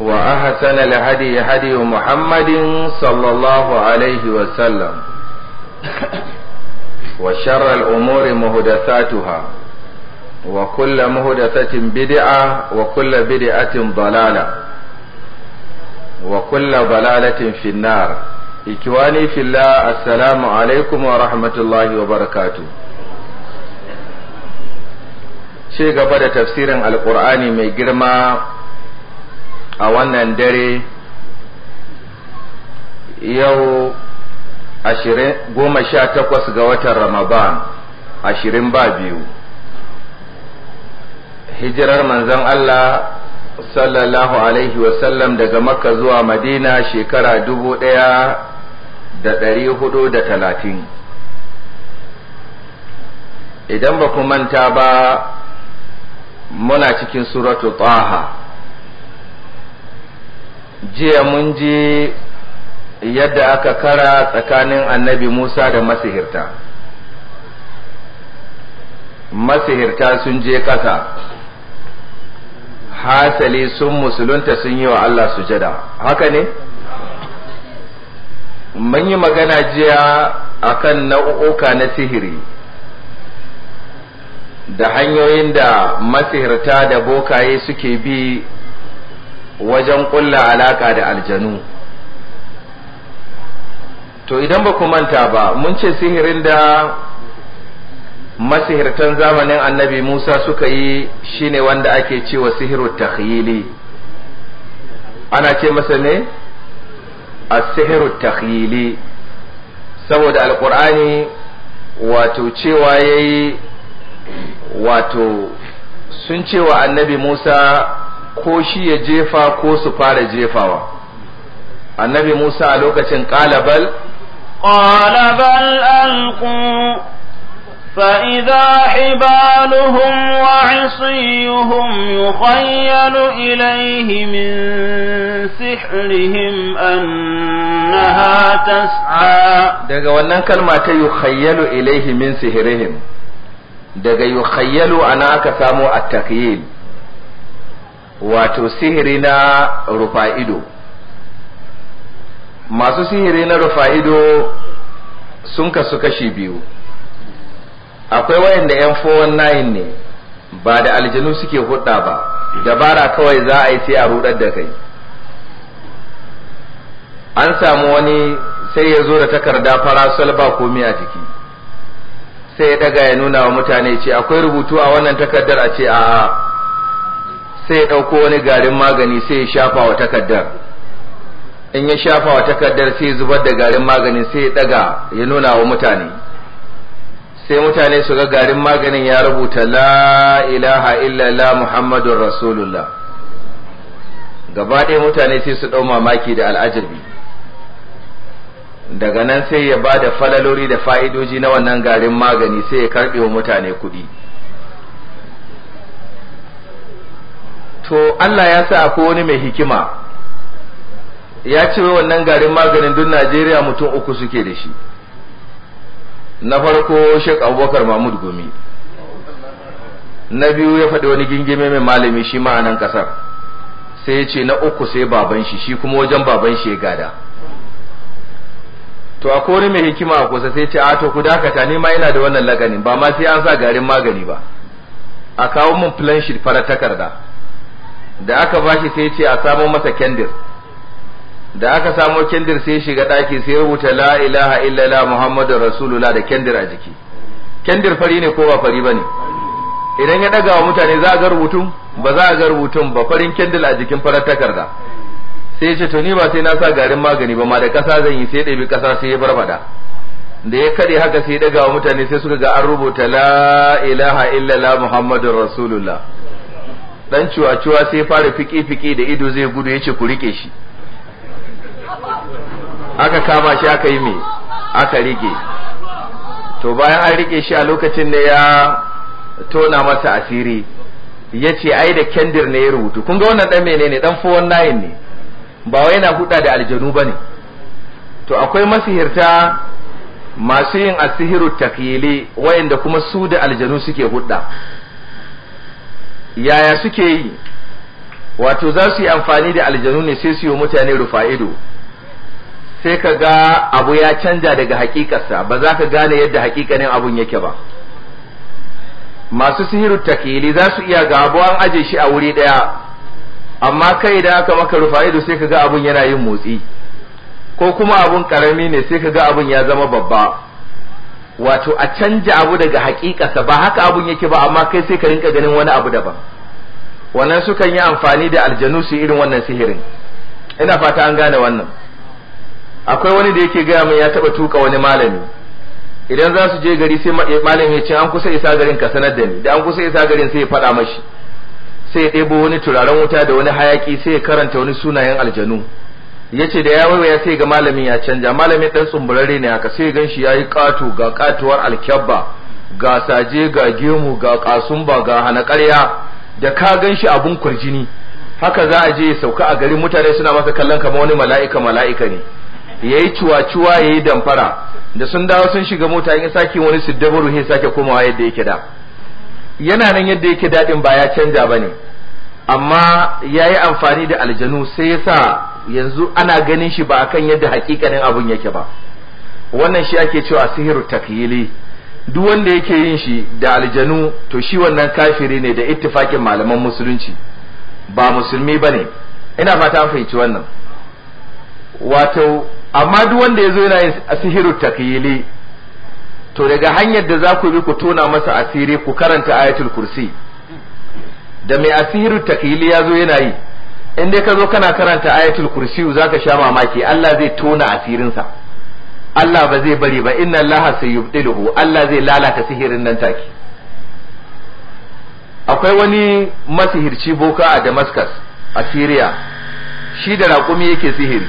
وأحسن الهدي هدي محمد صلى الله عليه وسلم وشر الأمور مهدثاتها وكل مهدثة بدعة وكل بدعة ضلالة وكل ضلالة في النار إكواني في الله السلام عليكم ورحمة الله وبركاته شيء قبل تفسير القرآن من جرمه a wannan dare yau goma sha takwas ga watan ramadan ashirin ba biyu hijirar manzon Allah sallallahu alaihi wasallam daga makka zuwa madina shekara dubu daya da dari hudu da talatin idan ba ku manta ba muna cikin suratu taha jiya mun ji yadda aka kara tsakanin annabi Musa da masihirta masihirta sun je ƙasa hasali sun musulunta sun yi wa Allah sujada haka ne mun yi magana jiya akan nau'uka na sihiri da hanyoyin da masihirta da bokaye suke bi wajen kulla alaka da aljanu to idan ba ku manta ba mun ce sihirin da masihirtan zamanin annabi musa suka yi shine wanda ake cewa sihiru takhili ana ce masa ne a sihiru takhili saboda alkur'ani wato cewa yayi wato sun cewa annabi musa ko shi ya jefa ko su fara jefawa annabi musa a lokacin kalabal kalabal alku فإذا حبالهم وعصيهم يخيل إليه min سحرهم annaha tasa. daga wannan kalma ta yukhayyalu ilaihi min sihirihim daga yukhayyalu ana aka samu at-taqyid wato sihiri na rufa'ido masu sihiri na rufa'ido sun kasu kashi biyu akwai wayanda yan 419 ne ba da aljanu suke hudda ba dabara kawai za a yi sai a rudar da kai an samu wani sai ya zo da takarda fara ba komi a jiki sai ya daga ya nuna wa mutane ce akwai rubutu a wannan takardar a ce a'a sai ya ɗauko wani garin magani sai ya shafa wa takardar in ya shafa wa takardar sai zubar da garin maganin sai ya ɗaga ya nuna wa mutane sai mutane su ga garin maganin ya rubuta la ilaha illallah muhammadun rasulullah gaba ɗaya mutane sai su ɗau mamaki da al'ajabi daga nan sai ya ba da falalori da fa'idoji na wannan garin magani sai ya karɓe wa mutane kuɗi to Allah ya sa akwai wani mai hikima ya ce wannan garin maganin duk Najeriya mutum uku suke da shi na farko Sheikh Abubakar Mahmud Gumi na biyu ya faɗi wani gingime mai malami shi ma a nan ƙasar sai ya ce na uku sai baban shi shi kuma wajen baban shi ya gada to a wani mai hikima a kusa sai ce a to ku dakata ni ma yana da wannan laganin ba ma sai an sa garin magani ba a kawo mun plan sheet farar takarda da aka bashi sai ce a samo masa kendir da aka samo kendir sai shiga ɗaki sai rubuta la ilaha illallah muhammadur rasulullah da kendir a jiki kendir fari ne ko ba fari ba idan ya ɗaga wa mutane za a ga rubutun ba za a ga rubutun ba farin kendir a jikin farar takarda sai ce to ni ba sai na sa garin magani ba ma da kasa zan yi sai ɗabi kasa sai ya barbada da ya kade haka sai ya ɗaga wa mutane sai suka ga an rubuta la ilaha illallah muhammadur rasulullah dan cuwa cuwa sai fara fiki-fiki da ido zai gudu ya ce ku rike shi aka kama shi aka yi me aka rike to bayan an rike shi a lokacin ne ya tona masa asiri yace ce ai da kendir ne ya rubutu kun ga wannan dan menene dan nayin ne ba wai yana huda da aljanu bane to akwai masihirta masu yin asihiru takyili wayanda kuma su da aljanu suke huɗa. yaya suke yi wato za su yi amfani da aljanu ne sai su yi mutane rufa ido sai ka ga abu ya canja daga hakikarsa ba za ka gane yadda hakikanin abun yake ba masu sihiru takili za su iya ga abuwan aje shi a wuri daya amma kai idan aka maka rufa ido sai ka ga abun yana yin motsi ko kuma abun karami ne sai ka ga abun ya zama babba wato a canja abu daga hakikarsa ba haka abun yake ba amma kai sai ka rinka ganin wani abu daban wannan sukan yi amfani da aljanu su irin wannan sihirin ina fata an gane wannan akwai wani da yake gaya min ya taba tuka wani malami idan za su je gari sai malam ya ce an kusa isa garin ka sanar da ni da an kusa isa garin sai ya faɗa mashi sai ya ɗebo wani turaren wuta da wani hayaki sai ya karanta wani sunayen aljanu yace da ya ya sai ga malami ya canja malami ɗan tsumburare ne haka sai gan shi yayi kato ga katuwar alkyabba ga saje ga gemu ga kasumba ga hanakarya da ka gan shi abun kurjini haka za a je ya sauka a garin mutane suna masa kallon kamar wani mala'ika mala'ika ne yayi ciwa-ciwa yayi damfara da sun dawo sun shiga mota in sake wani siddabaru he sake komawa yadda yake da yana nan yadda yake daɗin ba ya canja ne amma yayi amfani da aljanu sai yasa yanzu ana ganin shi ba akan yadda hakikanin abun yake ba wannan shi ake cewa sihiru takyili duk wanda yake yin shi da aljanu to shi wannan kafiri ne da ittifakin malaman musulunci ba musulmi bane ina fata an fahimci wannan wato amma duk wanda yazo yana yin sihiru takyili to daga hanyar da za ku bi ku tona masa asiri ku karanta ayatul kursi da mai asiru takili ya zo yana yi in dai ka zo kana karanta ayatul za ka sha mamaki Allah zai tona asirinsa Allah ba zai bari ba inna Allah sayyubdiluhu Allah zai lalata sihirin nan take akwai wani masihirci boka a Damascus a Syria shi da raƙumi yake sihiri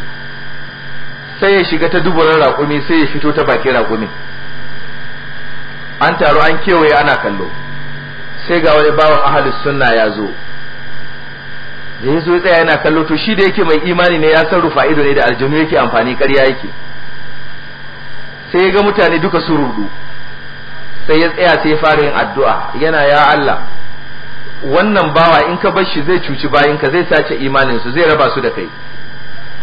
sai ya shiga ta duburan raƙumi sai ya fito ta bakin raƙumi an taro an kewaye ana kallo sai ga wani bawan ahalus sunna ya zo da ya zo ya tsaya yana kallo to shi da yake mai imani ne ya san rufa ido ne da aljanu yake amfani ƙarya yake sai ya ga mutane duka su rudu sai ya tsaya sai ya fara yin addu'a yana ya Allah wannan bawa in ka bar shi zai cuci bayinka zai sace imanin su zai raba su da kai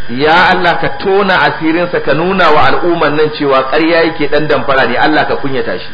ya Allah ka tona asirinsa ka nuna wa al'umman nan cewa ƙarya yake dan damfara ne Allah ka kunyata shi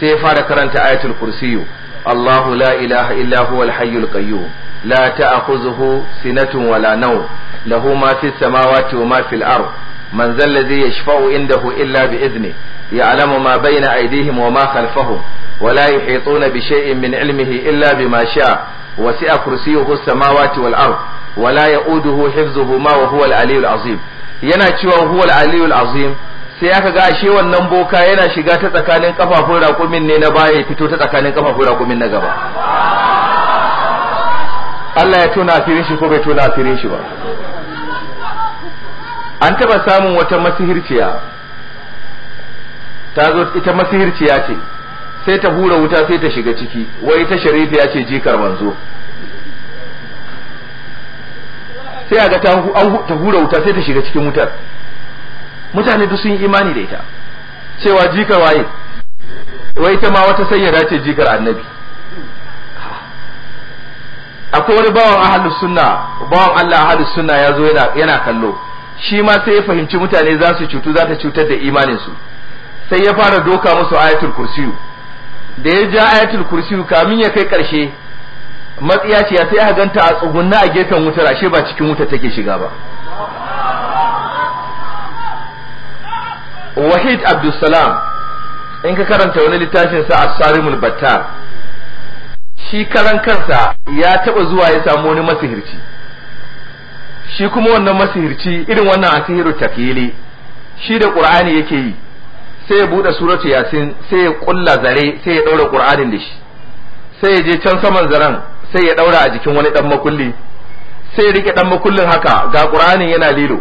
sai ya fara karanta ayatul kursiyu الله لا إله إلا هو الحي القيوم لا تأخذه سنة ولا نوم له ما في السماوات وما في الأرض من ذا الذي يشفع عنده إلا بإذنه يعلم ما بين أيديهم وما خلفهم ولا يحيطون بشيء من علمه إلا بما شاء وسع كرسيه السماوات والأرض ولا يؤوده حفظهما وهو العلي العظيم ينا cewa huwa al-aliyyul azim sai aka ga ashe wannan boka yana shiga ta tsakanin kafafun raƙumin ne na baya fito ta tsakanin kafafun raƙumin na gaba Allah ya tona asirin shi ko bai tona asirin shi ba an taɓa samun wata masihirciya ta zo ita masihirciya ce sai ta hura wuta sai ta shiga ciki wai ta sharifiya ce jikar manzo sai a ga ta hura wuta sai ta shiga cikin wutar mutane duk sun yi imani da ita cewa jikar waye wai ita ma wata sayyada ce jikar annabi akwai wani bawan ahalus sunna bawan Allah ahalus sunna ya zo yana kallo shi ma sai ya fahimci mutane za su cutu za ta cutar da imaninsu. sai ya fara doka musu ayatul kursiyu da ya ja ayatul kursiyu kamin ya kai karshe matsiya ce sai aka ganta a tsugunna a gefen wutar ashe ba cikin wuta take shiga ba wahid abdulsalam in ka karanta wani littafin sa asarimul battar shi karan kansa ya taba zuwa ya samu wani masihirci shi kuma wannan masihirci irin wannan asihiru takili shi da qur'ani yake yi sai ya bude suratu yasin sai ya kulla zare sai ya daura qur'anin da shi sai ya je can saman zaren sai ya daura a jikin wani dan makulli sai ya rike dan makullin haka ga qur'anin yana lilo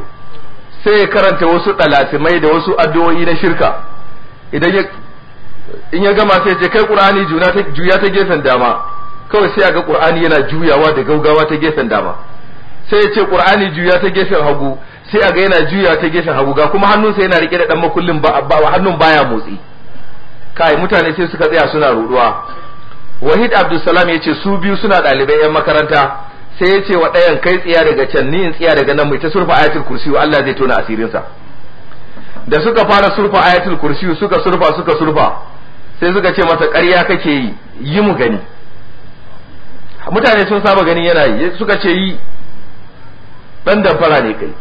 sai ya karanta wasu dalatimai da wasu addu'o'i na shirka idan ya in ya gama sai je kai qur'ani juna ta juya ta gefen dama kawai sai ga qur'ani yana juyawa da gaugawa ta gefen dama sai ya ce qur'ani juya ta gefen hagu sai ga yana juya ta gefen hagu ga kuma hannunsa yana rike da dan makullin ba hannun baya motsi kai mutane sai suka tsaya suna ruduwa wahid abdulsalam ya ce su biyu suna dalibai 'yan makaranta sai ya ce wa ɗayan kai tsiya daga can ni in tsiya daga nan mai ta surfa ayatul kursi Allah zai tona asirinsa da suka fara surfa ayatul kursi suka surfa suka surfa sai suka ce masa ƙarya kake yi yi mu gani mutane sun saba gani yana yi suka ce yi dan damfara ne kai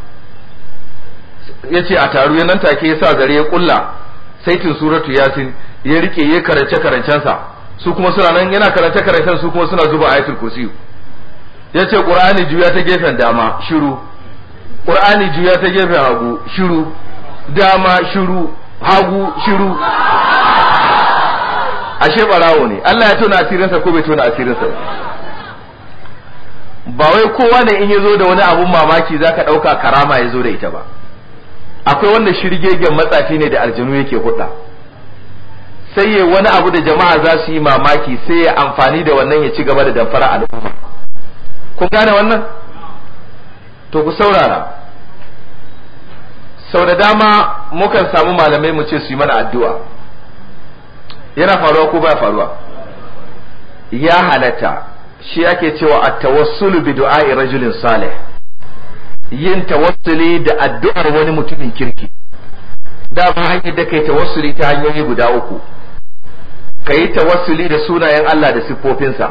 ya ce a taru nan take ya sa gare ya kulla saitin suratu yasin ya rike ya karance karancensa su kuma suna nan yana karance karancen su kuma suna zuba ayatul kursiyu yace qur'ani juya ta gefen dama shiru qur'ani juya ta gefen hagu shiru dama shiru hagu shiru ashe barawo ne Allah ya tona asirinsa ko bai tona asirinsa ba wai kowa ne in zo da wani abun mamaki zaka ɗauka karama ya zo da ita ba akwai wanda shirgegen matsafi ne da aljanu yake hudda sai ya wani abu da jama'a za su yi mamaki sai ya amfani da wannan ya ci gaba da damfara al'umma kun gane wannan to ku saurara sau da dama mukan samu malamai mu ce su yi mana addu'a yana faruwa ko baya faruwa ya halatta shi ake cewa a tawassulu bi du'a'i rajulin salih yin tawassuli da addu'ar wani mutumin kirki dama hanyar da kai tawassuli ta hanyoyi guda uku ka yi tawassuli da sunayen Allah da siffofinsa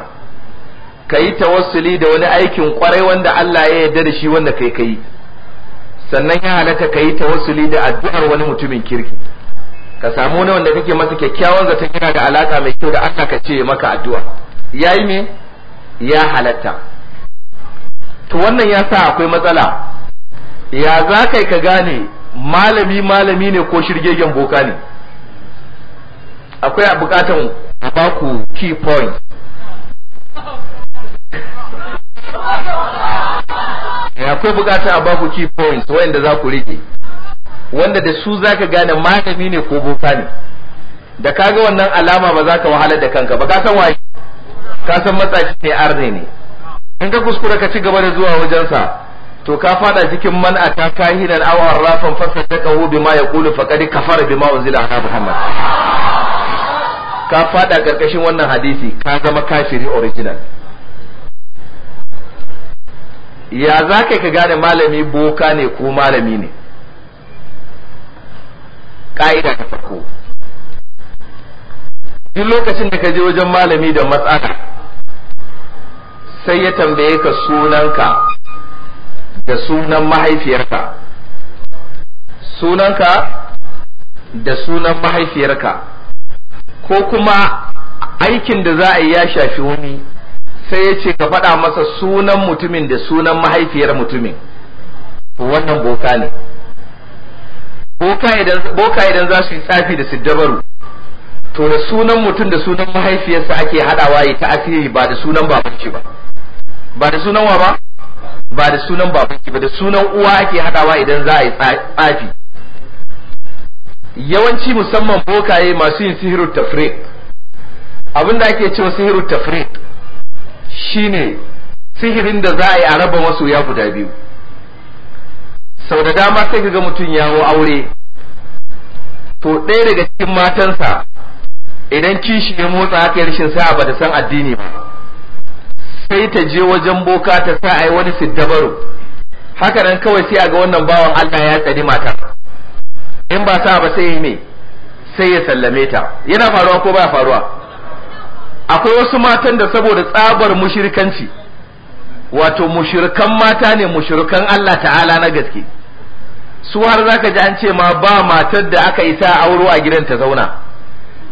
ka yi tawassuli da wani aikin kwarai wanda Allah ya yarda da shi wanda kai kai sannan ya halaka ka yi tawassuli da addu'ar wani mutumin kirki ka samu wani wanda kake masa kyakkyawan zaton yana da alaka mai kyau da Allah ka ce maka addu'a yayi me ya halatta to wannan ya sa akwai matsala ya za kai ka gane malami malami ne ko shirgegen boka ne akwai bukatan a baku key point Eh, akwai bukata a baku key points wanda za ku rike wanda da su za ka gane malami ne ko boka ne da kaga wannan alama ba za ka wahala da kanka ba ka san waye ka san matsaci ne arne ne in ka kuskura ka ci gaba da zuwa wajensa to ka fada cikin man a ta kahinan aw arrafan fasadaqahu bima yaqulu faqad kafara bima unzila ala muhammad ka fada karkashin wannan hadisi ka zama kafiri original ya za ka gane malami boka ne ko malami ne ƙa'ida ta farko duk lokacin da ka je wajen malami da matsala sai ya tambaye ka sunanka da sunan mahaifiyarka sunanka da sunan mahaifiyarka ko kuma aikin da za a yi ya shafi wani sai ya ce ka faɗa masa sunan mutumin da sunan mahaifiyar mutumin to wannan boka ne boka idan za su yi tsafi da siddabaru to da sunan mutum da sunan mahaifiyarsa ake haɗawa yi ta asiri ba da sunan babanki ba ba da sunan wa ba ba da sunan babanki ba da sunan uwa ake haɗawa idan za a yi tsafi yawanci musamman bokaye masu yin sihirin tafrik abinda ake cewa sihirin tafrik shine sihirin da za a yi a raba masoya guda biyu sau da dama sai ga mutum ya aure to ɗaya daga cikin matansa idan kishi ya motsa haka ya rashin sa'a ba da san addini ba sai ta je wajen boka ta sa a yi wani siddabaru haka nan kawai sai a ga wannan bawan Allah ya tsari mata in ba sa ba sai me sai ya sallame ta yana faruwa ko baya faruwa akwai wasu matan da saboda tsabar mushirkanci wato mushirkan mata ne mushirkan Allah ta'ala na gaske su har zaka ji an ce ma ba matar da aka isa auro a gidan ta zauna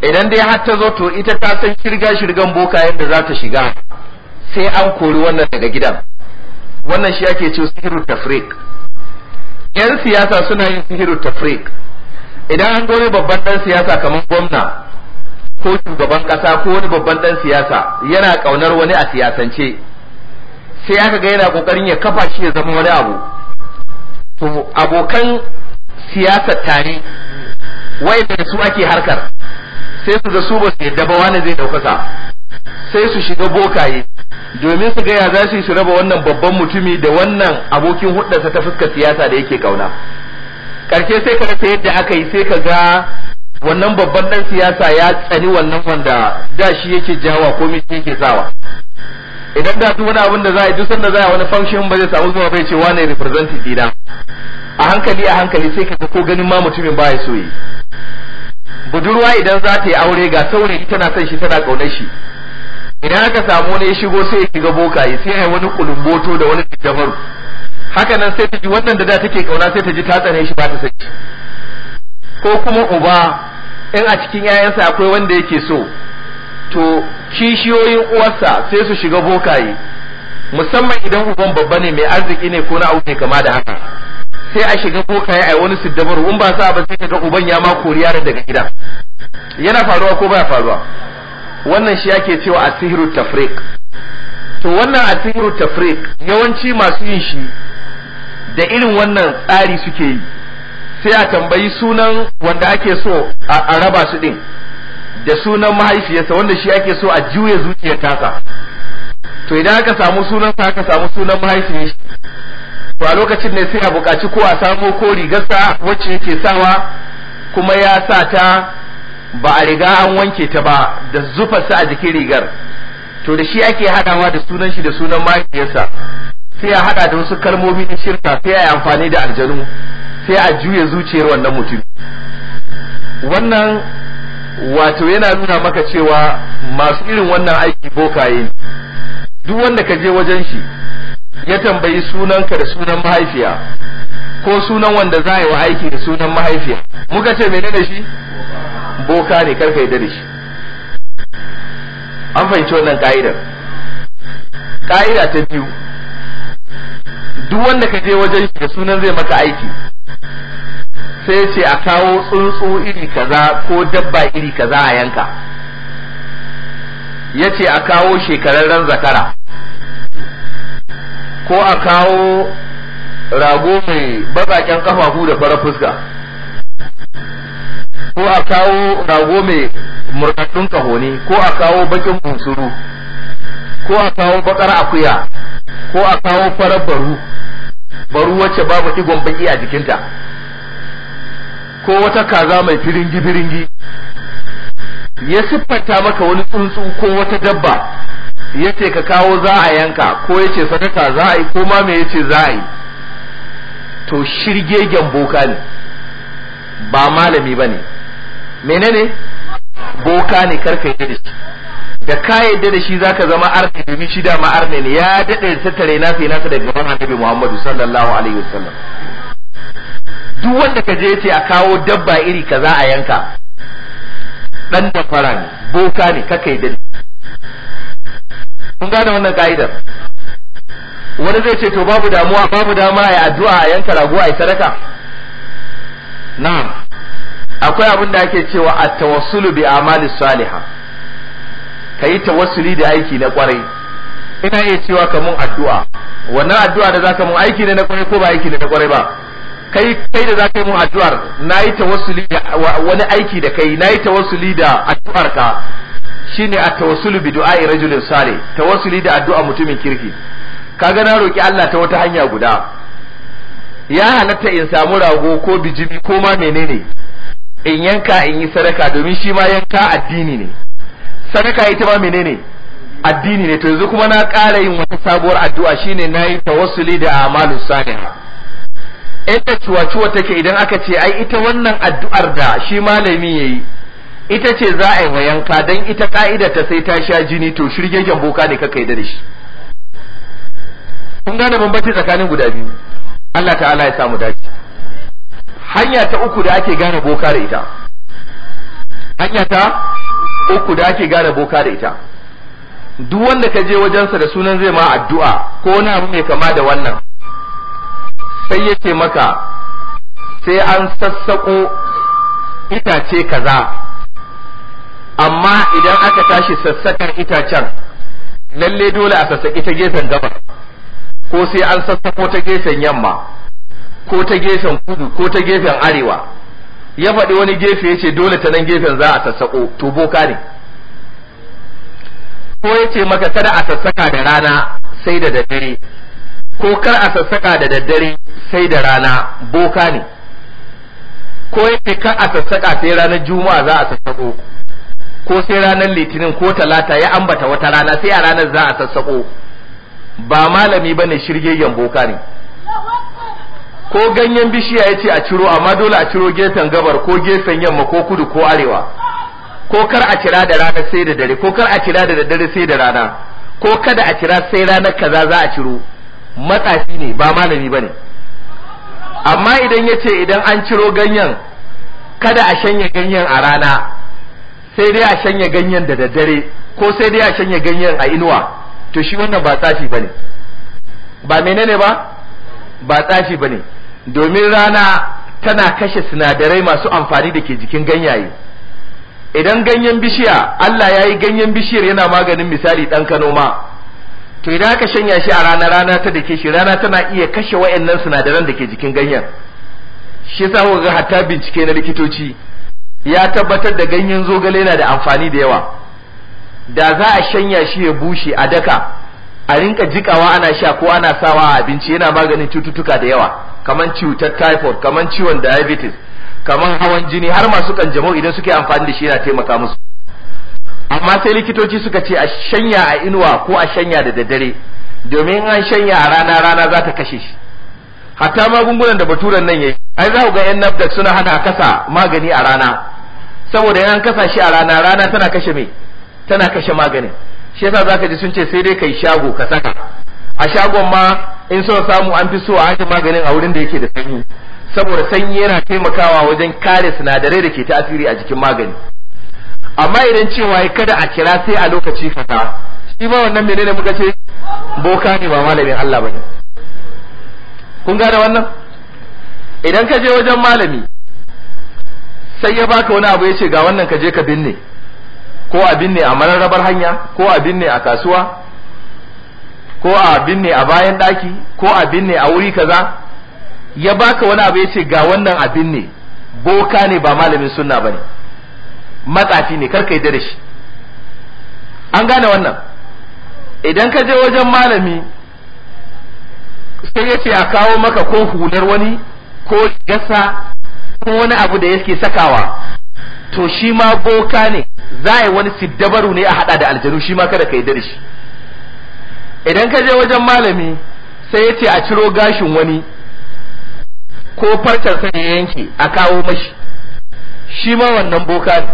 idan dai har ta zo to ita ta san shirga shirgan boka yadda za ta shiga sai an kori wannan daga gidan wannan shi ake cewa sihiru tafrik yan siyasa suna yin sihiru tafrik idan an gore babban dan siyasa kamar gwamna ko shugaban kasa ko wani babban dan siyasa yana kaunar wani a siyasance sai aka ga yana kokarin ya kafa shi ya zama wani abu to abokan siyasar tare da su ake harkar sai su ga su ba su yadda ba wani zai daukaka sai su shiga bokaye domin su gaya za su yi su raba wannan babban mutumi da wannan abokin hudarsa ta fuskar siyasa da yake kauna karshe sai ka ga yadda aka yi sai ka ga wannan babban dan siyasa ya tsani wannan wanda da shi yake jawa ko mishi yake zawa idan da duk wani abin da za a yi duk sanda za a wani function ba zai samu zuwa bai ce wani representative dina a hankali a hankali sai ka ko ganin ma mutumin ba ya so yi budurwa idan za ta yi aure ga saurayi tana son shi tana kaunar shi idan aka samu wani ya shigo sai ya shiga yi sai ya wani kulumboto da wani dabaru haka nan sai ta ji wannan da da take kauna sai ta ji ta tsane shi ba ta saki ko kuma uba in a cikin yayansa akwai wanda yake so to kishiyoyin uwarsa sai su shiga bokaye musamman idan uban babba ne mai arziki ne ko na abu ne kama da haka sai a shiga bokaye a wani siddabar in ba sa ba sai ka ga uban ya ma kori yaran daga gida yana faruwa ko baya faruwa wannan shi yake cewa asihru tafriq to wannan asihru tafriq yawanci masu yin shi da irin wannan tsari suke yi sai a tambayi sunan wanda ake so a raba su din da sunan mahaifiyarsa wanda shi ake so a juya zuciyar taka to idan aka samu sunan sa aka samu sunan mahaifiyarsa to a lokacin ne sai a buƙaci ko a samo ko rigarsa wacce yake sawa kuma ya sa ta ba a riga an wanke ta ba da zufarsa a jikin rigar to da shi ake haɗawa da sunan shi da sunan mahaifiyarsa sai a haɗa da wasu kalmomi na shirka sai a yi amfani da aljanu sai a juya zuciyar wannan mutum wannan wato yana nuna maka cewa masu irin wannan aiki bokaye ne duk wanda ka je wajen shi ya tambayi sunanka da sunan mahaifiya ko sunan wanda za a yi wa aiki da sunan mahaifiya muka ce menene shi boka ne karka yadda da shi an fahimci wannan ka'idar ka'ida ta biyu duk wanda ka je wajen shi da sunan zai maka aiki sai ce a kawo tsuntsu iri kaza ko dabba iri kaza a yanka ya ce a kawo shekararren zakara ko a kawo rago mai baƙaƙen ƙafafu da fara fuska ko a kawo rago mai murɗaɗɗun kahoni ko a kawo bakin bunsuru ko a kawo bakar akuya ko a kawo farar baru baru wacce babu digon baki a jikinta ko wata kaza mai firingi firingi ya siffanta maka wani tsuntsu ko wata dabba ya ce ka kawo za a yanka ko ya ce sadaka za a yi ko ma me ya ce za a yi to shirgegen boka ne ba malami ba ne menene boka ne karka yi da shi da ka yadda da shi zaka zama arne domin shi da ma arne ne ya dade tattare na sai nasa daga gaban annabi Muhammadu sallallahu alaihi wasallam duk wanda ka je yace a kawo dabba iri kaza a yanka dan da fara ne boka ne kai yadda kun gane wannan ka'idar wani zai ce to babu damuwa babu dama ya addu'a a yanka rago ai sadaka na'am akwai abin da ake cewa at-tawassulu bi amali salihah ka yi tawassuli da aiki na kwarai ina iya cewa ka mun addu'a wannan addu'a da zaka mun aiki ne na kwarai ko ba aiki ne na kwarai ba kai kai da zaka yi mun addu'ar nayi tawassuli da wani aiki da kai yi tawassuli da addu'ar ka shine a tawassulu bi du'a'i rajulin salih tawassuli da addu'a mutumin kirki kaga na roki Allah ta wata hanya guda ya halatta in samu rago ko bijimi ko ma menene in yanka in yi sadaka domin shi ma yanka addini ne sadaka ita ma menene addini ne to yanzu kuma na ƙara yin wata sabuwar addu'a shine na nayi tawassuli da amalu salihah inda ciwa-ciwa take idan aka ce ai ita wannan addu'ar da shi malami yayi ita ce za a yi wa yanka don ita ka'ida ta sai ta sha jini to shirgegen boka ne kaka yi da shi kun gane bambanci tsakanin guda biyu Allah ta'ala ya samu dace hanya ta uku da ake gane boka da ita hanya ta uku da ake gane boka da ita duk wanda ka je wajensa da sunan zai ma addu'a ko na mu mai kama da wannan sai ya ce maka sai an sassaƙo itace kaza amma idan aka tashi sassakan itacen lalle dole a sassaƙi ta gefen gaba ko sai an sassako ta gefen yamma ko ta gefen kudu ko ta gefen arewa ya faɗi wani gefe ya ce dole ta nan gefen za a sassaƙo to boka ne ko ya ce maka kada a sassaka da rana sai da daddare ko kar a sassaka da daddare sai da rana boka ne ko ya ce kar a sassaka sai ranar juma'a za a sassaƙo ko sai ranar litinin ko talata ya ambata wata rana sai a ranar za a sassaƙo ba malami ba ne shirgegen boka ne ko ganyen bishiya ya ce a ciro amma dole a ciro gefen gabar ko gefen yamma ko kudu ko arewa ko kar a cira da rana sai da dare ko kar a cira da dare sai da rana ko kada a cira sai ranar kaza za a ciro matsafi ne ba malami bane amma idan ya ce idan an ciro ganyen kada a shanya ganyen a rana sai dai a shanya ganyen da daddare ko sai dai a shanya ganyen a inuwa to shi wannan ba tsafi bane ba menene ba ba tsafi bane domin rana tana kashe sinadarai masu amfani da ke jikin ganyaye idan ganyen bishiya Allah ya yi ganyen bishiyar yana maganin misali ɗan kanoma to idan aka shanya shi a rana rana ta da ke shi rana tana iya kashe nan sinadaran da ke jikin ganyen shi yasa ga hatta bincike na likitoci ya tabbatar da ganyen zogale yana da amfani da yawa da za a shanya shi ya bushe a daka a rinka jikawa ana sha ko ana sawa a abinci yana maganin cututtuka da yawa kaman cutar typhoid kamar ciwon diabetes kaman hawan jini har masu kanjamau idan suke amfani da shi yana taimaka musu amma sai likitoci suka ce a shanya a inuwa ko a shanya da daddare domin an shanya a rana rana za ta kashe shi hatta magungunan da baturan nan yayi ai za ku ga yan nafdak suna hana kasa magani a rana saboda yan kasa shi a rana rana tana kashe me tana kashe magani shi yasa zaka ji sun ce sai dai kai shago ka saka a shagon ma in so samu an fi so a haka maganin a wurin da yake da sanyi saboda sanyi yana taimakawa wajen kare sinadarai da ke tasiri a jikin magani amma idan cewa kada a kira sai a lokaci kaza shi ba wannan menene muka ce boka ne ba malamin Allah bane kun gane wannan idan ka je wajen malami sai ya baka wani abu ya ce ga wannan ka je ka binne ko a binne a mararrabar hanya ko a binne a kasuwa ko a binne a bayan daki ko a binne a wuri kaza ya baka wani abu ya ce ga wannan a binne boka ne ba malamin sunna bane matsafi ne karka yadda da shi an gane wannan idan ka je wajen malami sai ya ce a kawo maka ko hular wani ko gasa ko wani abu da yake sakawa to shi ma boka ne za a yi wani siddabaru ne a hada da aljanu shi ma kada ka yi da shi idan ka je wajen malami sai ya ce a ciro gashin wani ko farkar sai ya yanke a kawo mashi shi ma wannan boka ne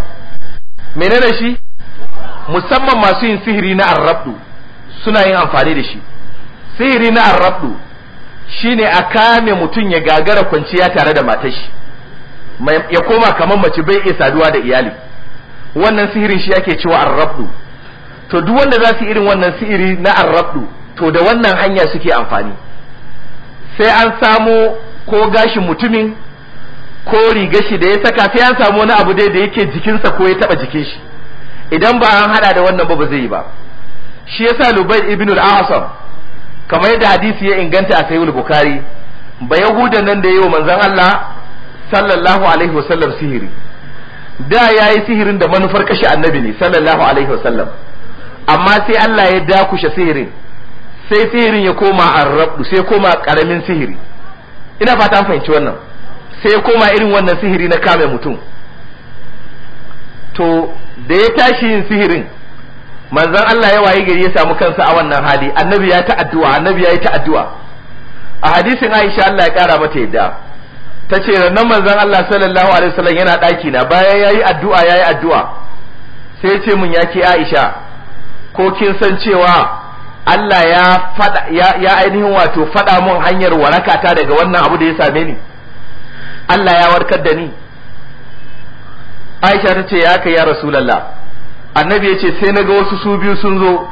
menene shi musamman masu yin sihiri na arrabdu suna yin amfani da shi sihiri na arrabdu shine a kame mutum ya gagara kwanciya tare da matar shi ya koma kamar mace bai iya saduwa da iyali wannan sihirin shi ake cewa arrabdu to duk wanda za su irin wannan si'iri na arrabdu to da wannan hanya suke amfani sai an samo ko gashin mutumin ko riga shi da ya saka sai an samu wani abu dai da yake jikinsa ko ya taba jikin shi idan ba an hada da wannan ba ba zai yi ba shi yasa Lubai ibn al kamar yadda hadisi ya inganta a Sahih bukhari ba yahudan nan da yayi manzon Allah sallallahu alaihi wasallam sihiri da yayi sihirin da manufar kashe annabi ne sallallahu alaihi wasallam amma sai Allah ya dakushe sihirin sai sihirin ya koma rabu sai koma karamin sihiri ina fata an fahimci wannan sai koma irin wannan sihiri na kame mutum to da ya tashi yin sihirin manzon Allah ya waye gari ya samu kansa a wannan hali annabi ya ta addu'a annabi ya yi ta a hadisin Aisha Allah ya kara mata yadda ta ce nan manzon Allah sallallahu alaihi wasallam yana daki na bayan yayi addu'a yayi addu'a sai ya ce mun yake Aisha ko kin san cewa Allah ya fada ya, ainihin wato fada mun hanyar warakata daga wannan abu da ya same ni Allah ya warkar da ni Aisha ta ce ya kai ya Rasulullah annabi ya ce sai na ga wasu su biyu sun zo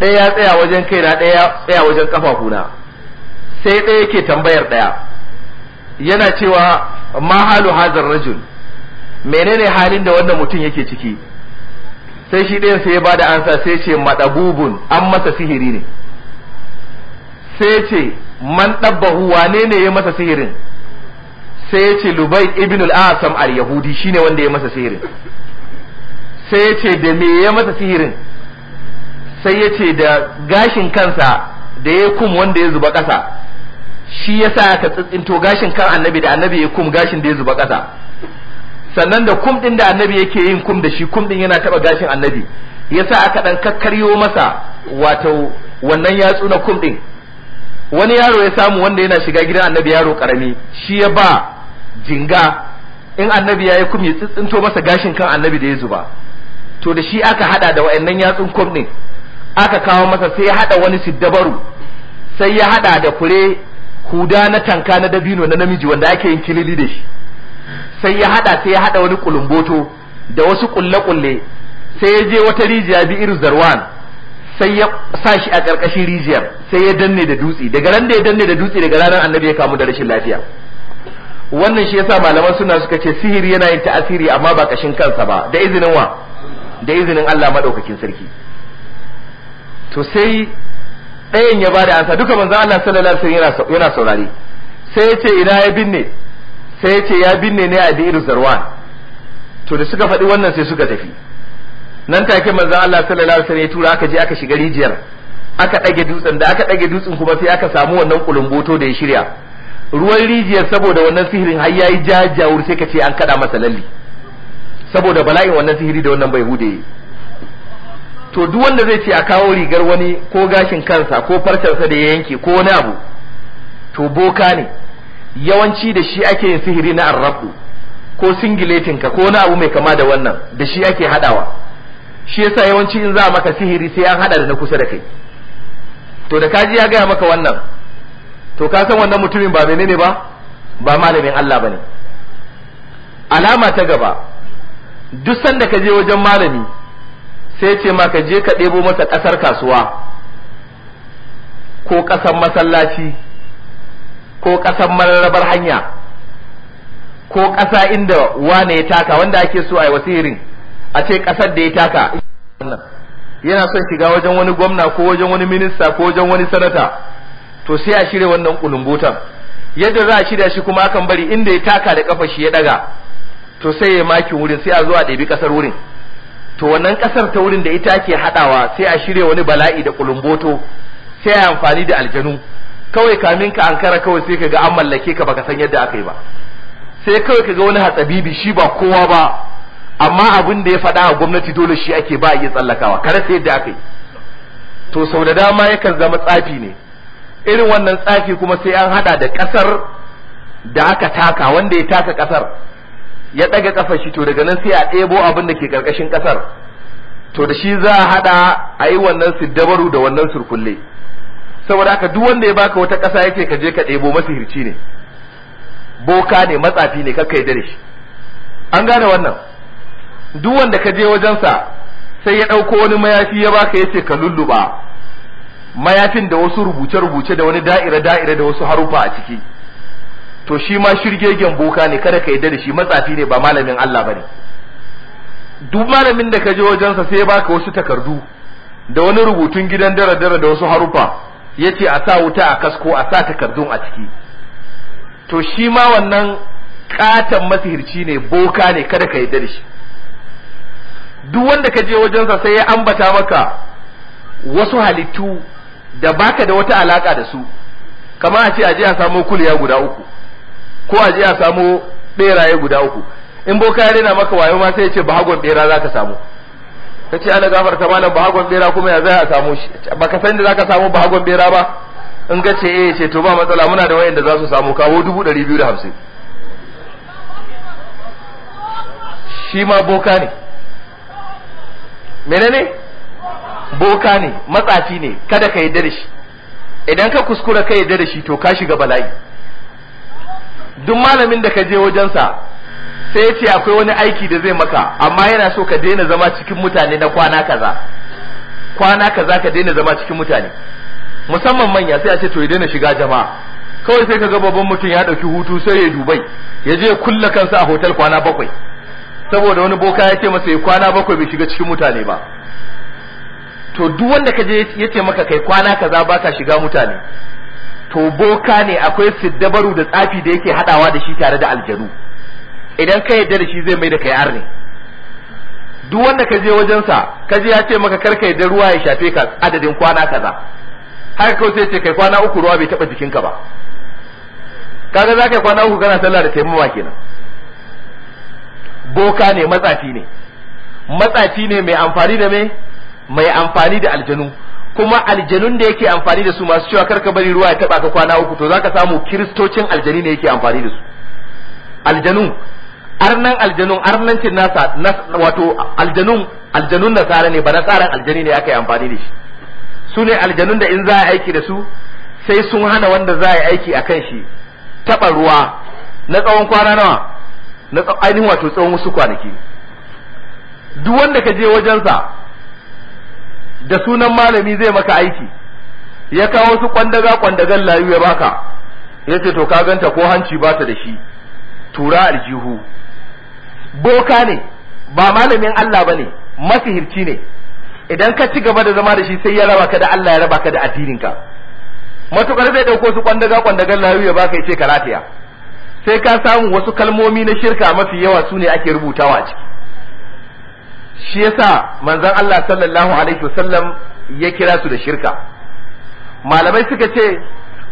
ɗaya ya tsaya wajen kaina ɗaya ya tsaya wajen kafafuna sai ɗaya yake tambayar ɗaya yana cewa ma halu hazar rajul menene halin da wannan mutum yake ciki sai shi ɗayan sai ya bada ansa sai ce madabubun an masa sihiri ne sai ce man dabbahu wane ne ya masa sihirin sai ya ce lubai ibn al-asam al-yahudi shine wanda ya masa sihirin sai ya ce da me ya masa sihirin sai ya ce da gashin kansa da ya kum wanda ya zuba kasa shi yasa ka tsintsinto gashin kan annabi da annabi ya kum gashin da ya zuba kasa. sannan da kum din da annabi yake yin kum da shi kum din yana taba gashin annabi yasa aka dan kakkaryo masa wato wannan yatsu na kum din wani yaro ya samu wanda yana shiga gidan annabi yaro karami shi ya ba jinga in annabi ya yi kum ya tsintsinto masa gashin kan annabi da ya zuba to da shi aka hada da wayannan yatsun kum din aka kawo masa sai ya hada wani siddabaru sai ya hada da fure huda na tanka na dabino na namiji wanda ake yin kilili da shi sai ya hada sai ya hada wani kulumboto da wasu kulle kulle sai ya je wata rijiya bi irin zarwan sai ya sa shi a ƙarƙashin rijiyar sai ya danne da dutse daga ran da ya danne da dutse daga ranar annabi ya kamu da rashin lafiya wannan shi yasa malaman suna suka ce sihiri yana yin ta'asiri amma ba kashin kansa ba da izinin wa da izinin Allah madaukakin sarki to sai ɗayan ya bada ansa duka manzo Allah sallallahu alaihi wasallam yana saurare sai ya ce ina ya binne sai ya ce ya binne ne a dir zarwan to da suka faɗi wannan sai suka tafi nan take manzon Allah sallallahu alaihi wasallam ya tura aka je aka shiga rijiyar aka ɗage dutsen da aka ɗage dutsen kuma sai aka samu wannan kulumboto da ya shirya ruwan rijiyar saboda wannan sihirin har yayi jajawur sai ka ce an kada masa lalli saboda bala'in wannan sihiri da wannan bai hude to duk wanda zai ce a kawo rigar wani ko gashin kansa ko farcensa da ya yanke ko wani abu to boka ne yawanci da shi ake yin sihiri na arrabu ko singiletin ka ko na abu mai kama da wannan da shi ake hadawa shi yasa yawanci in za maka sihiri sai an hada da na kusa da kai to da kaji ya gaya maka wannan to ka san wannan mutumin ba menene ba ba malamin Allah bane alama ta gaba duk sanda ka je wajen malami sai ce maka je ka ɗebo masa ƙasar kasuwa ko ƙasar masallaci ko ƙasan mararrabar hanya ko ƙasa inda wane ya taka wanda ake so a yi wasirin a ce ƙasar da ya taka yana son shiga wajen wani gwamna ko wajen wani minista ko wajen wani sanata to sai a shirya wannan kulungutan yadda za a shirya shi kuma akan bari inda ya taka da kafa shi ya daga to sai ya makin wurin sai a zo a ɗebi ƙasar wurin to wannan ƙasar ta wurin da ita ke haɗawa sai a shirya wani bala'i da kulumboto sai a amfani da aljanu kawai kamin ka ankara kawai sai ka ga an mallake ka baka san yadda aka yi ba sai kawai ka ga wani hatsabibi shi ba kowa ba amma abin da ya faɗa a gwamnati dole shi ake ba iya tsallakawa kare sai yadda aka yi to sau da dama yakan zama tsafi ne irin wannan tsafi kuma sai an haɗa da kasar da aka taka wanda ya taka kasar ya ɗaga kafa shi to daga nan sai a ɗebo abin da ke karkashin ƙasar. to da shi za a hada a yi wannan siddabaru da wannan surkulle saboda haka duk wanda ya baka wata ƙasa yake ka je ka ɗebo masihirci ne boka ne matsafi ne kakka yadda dare shi an gane wannan duk wanda ka je wajensa sai ya ɗauko wani mayafi ya baka yace ka lulluba mayafin da wasu rubuce-rubuce da wani da'ira-da'ira da wasu harufa a ciki to shi ma shirgegen boka ne kada ka yi dare shi matsafi ne ba malamin Allah ba ne. duk malamin da ka je wajensa sai ya baka wasu takardu da wani rubutun gidan dare-dare da wasu harufa yace a sa wuta a kasko a sa takardun a ciki to shi ma wannan katon masihirci ne boka ne kada ka yi shi duk wanda ka je wajensa sai ya ambata maka wasu halittu da baka da wata alaka da su kamar a ce a je a samo kuliya guda uku ko a je a samo beraye guda uku in boka ya rena maka wayo ma sai ya ce ba hagon bera za ka samu ta ce ala gafar ta malam bahagon bera kuma ya zai a samu shi baka san da zaka samu bahagon bera ba in ga ce eh ce to ba matsala muna da wayanda za su samu kawo dubu ɗari biyu da hamsin shi ma boka ne menene boka ne matsafi ne kada ka yarda da shi idan ka kuskura ka yarda da shi to ka shiga bala'i duk malamin da ka je wajensa sai ce akwai wani aiki da zai maka amma yana so ka daina zama cikin mutane na kwana kaza kwana kaza ka daina zama cikin mutane musamman manya sai a ce to ya daina shiga jama'a kawai sai ka ga babban mutum ya dauki hutu sai ya dubai ya je kulla kansa a hotel kwana bakwai saboda wani boka ya ce masa ya kwana bakwai bai shiga cikin mutane ba to duk wanda ka je ya ce maka kai kwana kaza baka shiga mutane to boka ne akwai siddabaru da tsafi da yake hadawa da shi tare da aljanu idan ka yadda da shi zai mai da kai arni. duk wanda ka je wajensa ka je ya ce maka kar ka yadda ruwa ya shafe ka adadin kwana kaza haka ka sai ce kai kwana uku ruwa bai taba jikinka ba kaga za ka kwana uku kana sallah da taimama kenan boka ne matsafi ne matsafi ne mai amfani da me mai amfani da aljanu kuma aljanun da yake amfani da su masu cewa karka bari ruwa ya taba ka kwana uku to zaka samu kiristocin aljani ne yake amfani da su aljanun arnan aljanun arnancin nasa wato aljanun aljanun nasara ne ba nasaran aljani ne aka yi amfani da shi su ne aljanun da in za a aiki da su sai sun hana wanda za a yi aiki a kan shi taɓa ruwa na tsawon kwana nawa na ainihin wato tsawon wasu kwanaki duk wanda ka je wajensa da sunan malami zai maka aiki ya kawo su kwandaga kwandagan layu ya baka ya ce to ka ganta ko hanci ba ta da shi tura aljihu boka ne ba malamin Allah bane masihirci ne idan ka ci gaba da zama da shi sai ya raba ka da Allah ya raba ka da addinin ka matukar zai dauko su kwandaga kwandagan layu ya baka yace ka lafiya sai ka samu wasu kalmomi na shirka mafi yawa su ne ake rubutawa a ciki shi yasa manzon Allah sallallahu alaihi wasallam ya kira su da shirka malamai suka ce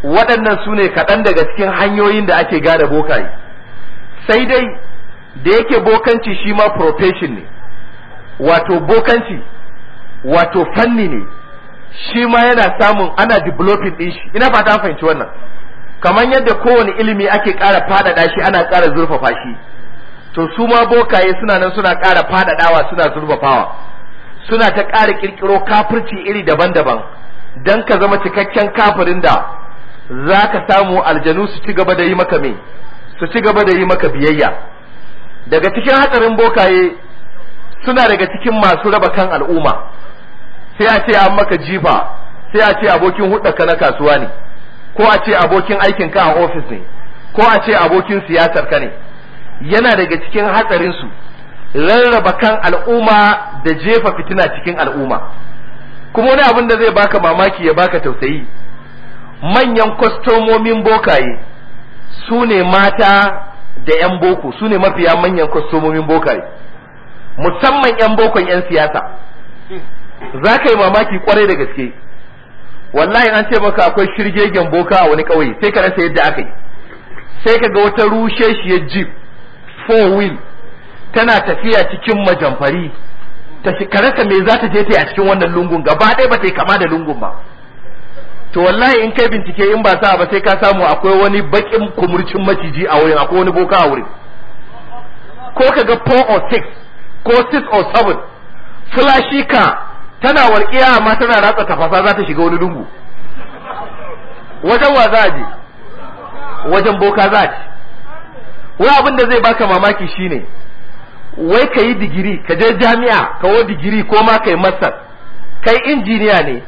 waɗannan su ne kaɗan daga cikin hanyoyin da ake gane bokaye sai dai da yake bokanci shi ma profession ne wato bokanci wato fanni ne shi ma yana samun ana developing din shi ina fata fahimci wannan kamar yadda kowane ilimi ake ƙara faɗaɗa shi ana ƙara zurfafa shi to su ma bokaye suna nan suna ƙara faɗaɗawa suna zurfafawa suna ta ƙara ƙirƙiro kafirci iri daban-daban don ka zama cikakken kafirin da za ka samu aljanu su ci gaba da yi maka me su ci gaba da yi maka biyayya daga cikin hatsarin bokaye suna daga cikin masu raba kan al'umma sai a ce an maka jifa sai a ce abokin hudaka na kasuwa ne ko a ce abokin aikin ka a ofis ne ko a ce abokin siyasar ka ne yana daga cikin hatsarin su rarraba kan al'umma da jefa fitina cikin al'umma kuma wani abin da zai baka mamaki ya baka tausayi manyan kwastomomin bokaye su ne mata da 'yan boko su ne mafiya manyan kwastomomin bokaye musamman 'yan bokon 'yan siyasa za ka yi mamaki kwarai da gaske wallahi an ce maka akwai shirgegen boka a wani ƙauye sai ka rasa yadda aka yi sai ka ga wata rushe ya jeep four wheel tana tafiya cikin majamfari ta rasa me za ta je ta yi a cikin wannan lungun gaba ɗaya ba ta yi kama da lungun ba to wallahi in kai bincike in ba sa ba sai ka samu akwai wani bakin kumurcin maciji a wurin akwai wani boka a wurin ko ka ga 4 or 6 ko 6 or 7 flashy ka tana walƙiya amma tana ratsa tafasa za ta shiga wani dungu wajen wa za je wajen boka za a ci wai abin da zai baka mamaki shine wai ka yi digiri ka je jami'a ka wo digiri ko ma ka yi masar kai injiniya ne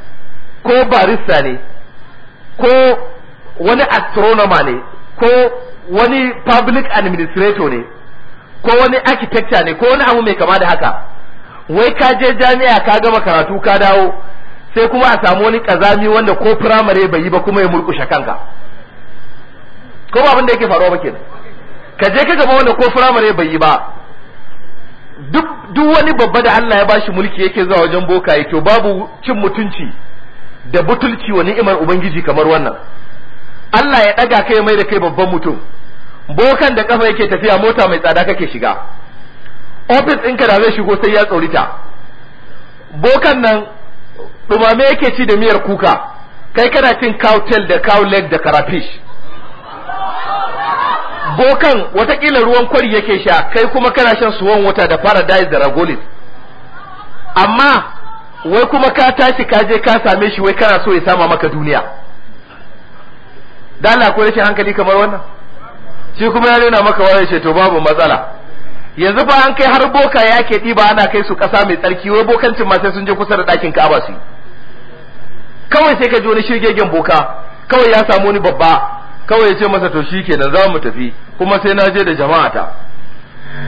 ko barista ne ko wani astronomer ne ko wani public administrator ne ko wani architecture ne ko wani abu mai kama da haka wai ka je jami'a ka gama karatu ka dawo sai kuma a samu wani kazami wanda ko firamare bai yi ba kuma ya murkushe kanka ko ba abin da yake faruwa ba ke ka je ka gaba wanda ko firamare bai yi ba duk wani babba da Allah ya bashi mulki yake zuwa wajen bokaye to babu cin mutunci da butulci wa ni'imar ubangiji kamar wannan Allah ya ɗaga kai mai da kai babban mutum bokan da kafa yake tafiya mota mai tsada kake shiga ofis ɗinka da zai shigo sai ya tsorita bokan nan ɗumame yake ci da miyar kuka kai kana cin cowtail da cow leg da karafish bokan watakila ruwan kwari yake sha kai kuma kana shan suwan wata da paradise da ragolis amma wai kuma ka tashi ka je ka same shi wai kana so ya sama maka duniya da Allah ko rashin hankali kamar wannan shi kuma ya nuna maka wani ce to babu matsala yanzu ba an kai har boka ya ke ɗiba ana kai su ƙasa mai tsarki wai bokancin ma sai sun je kusa da ɗakin ka'aba su kawai sai ka ji wani shirgegen boka kawai ya samu wani babba kawai ya ce masa to shi kenan za mu tafi kuma sai na je da jama'ata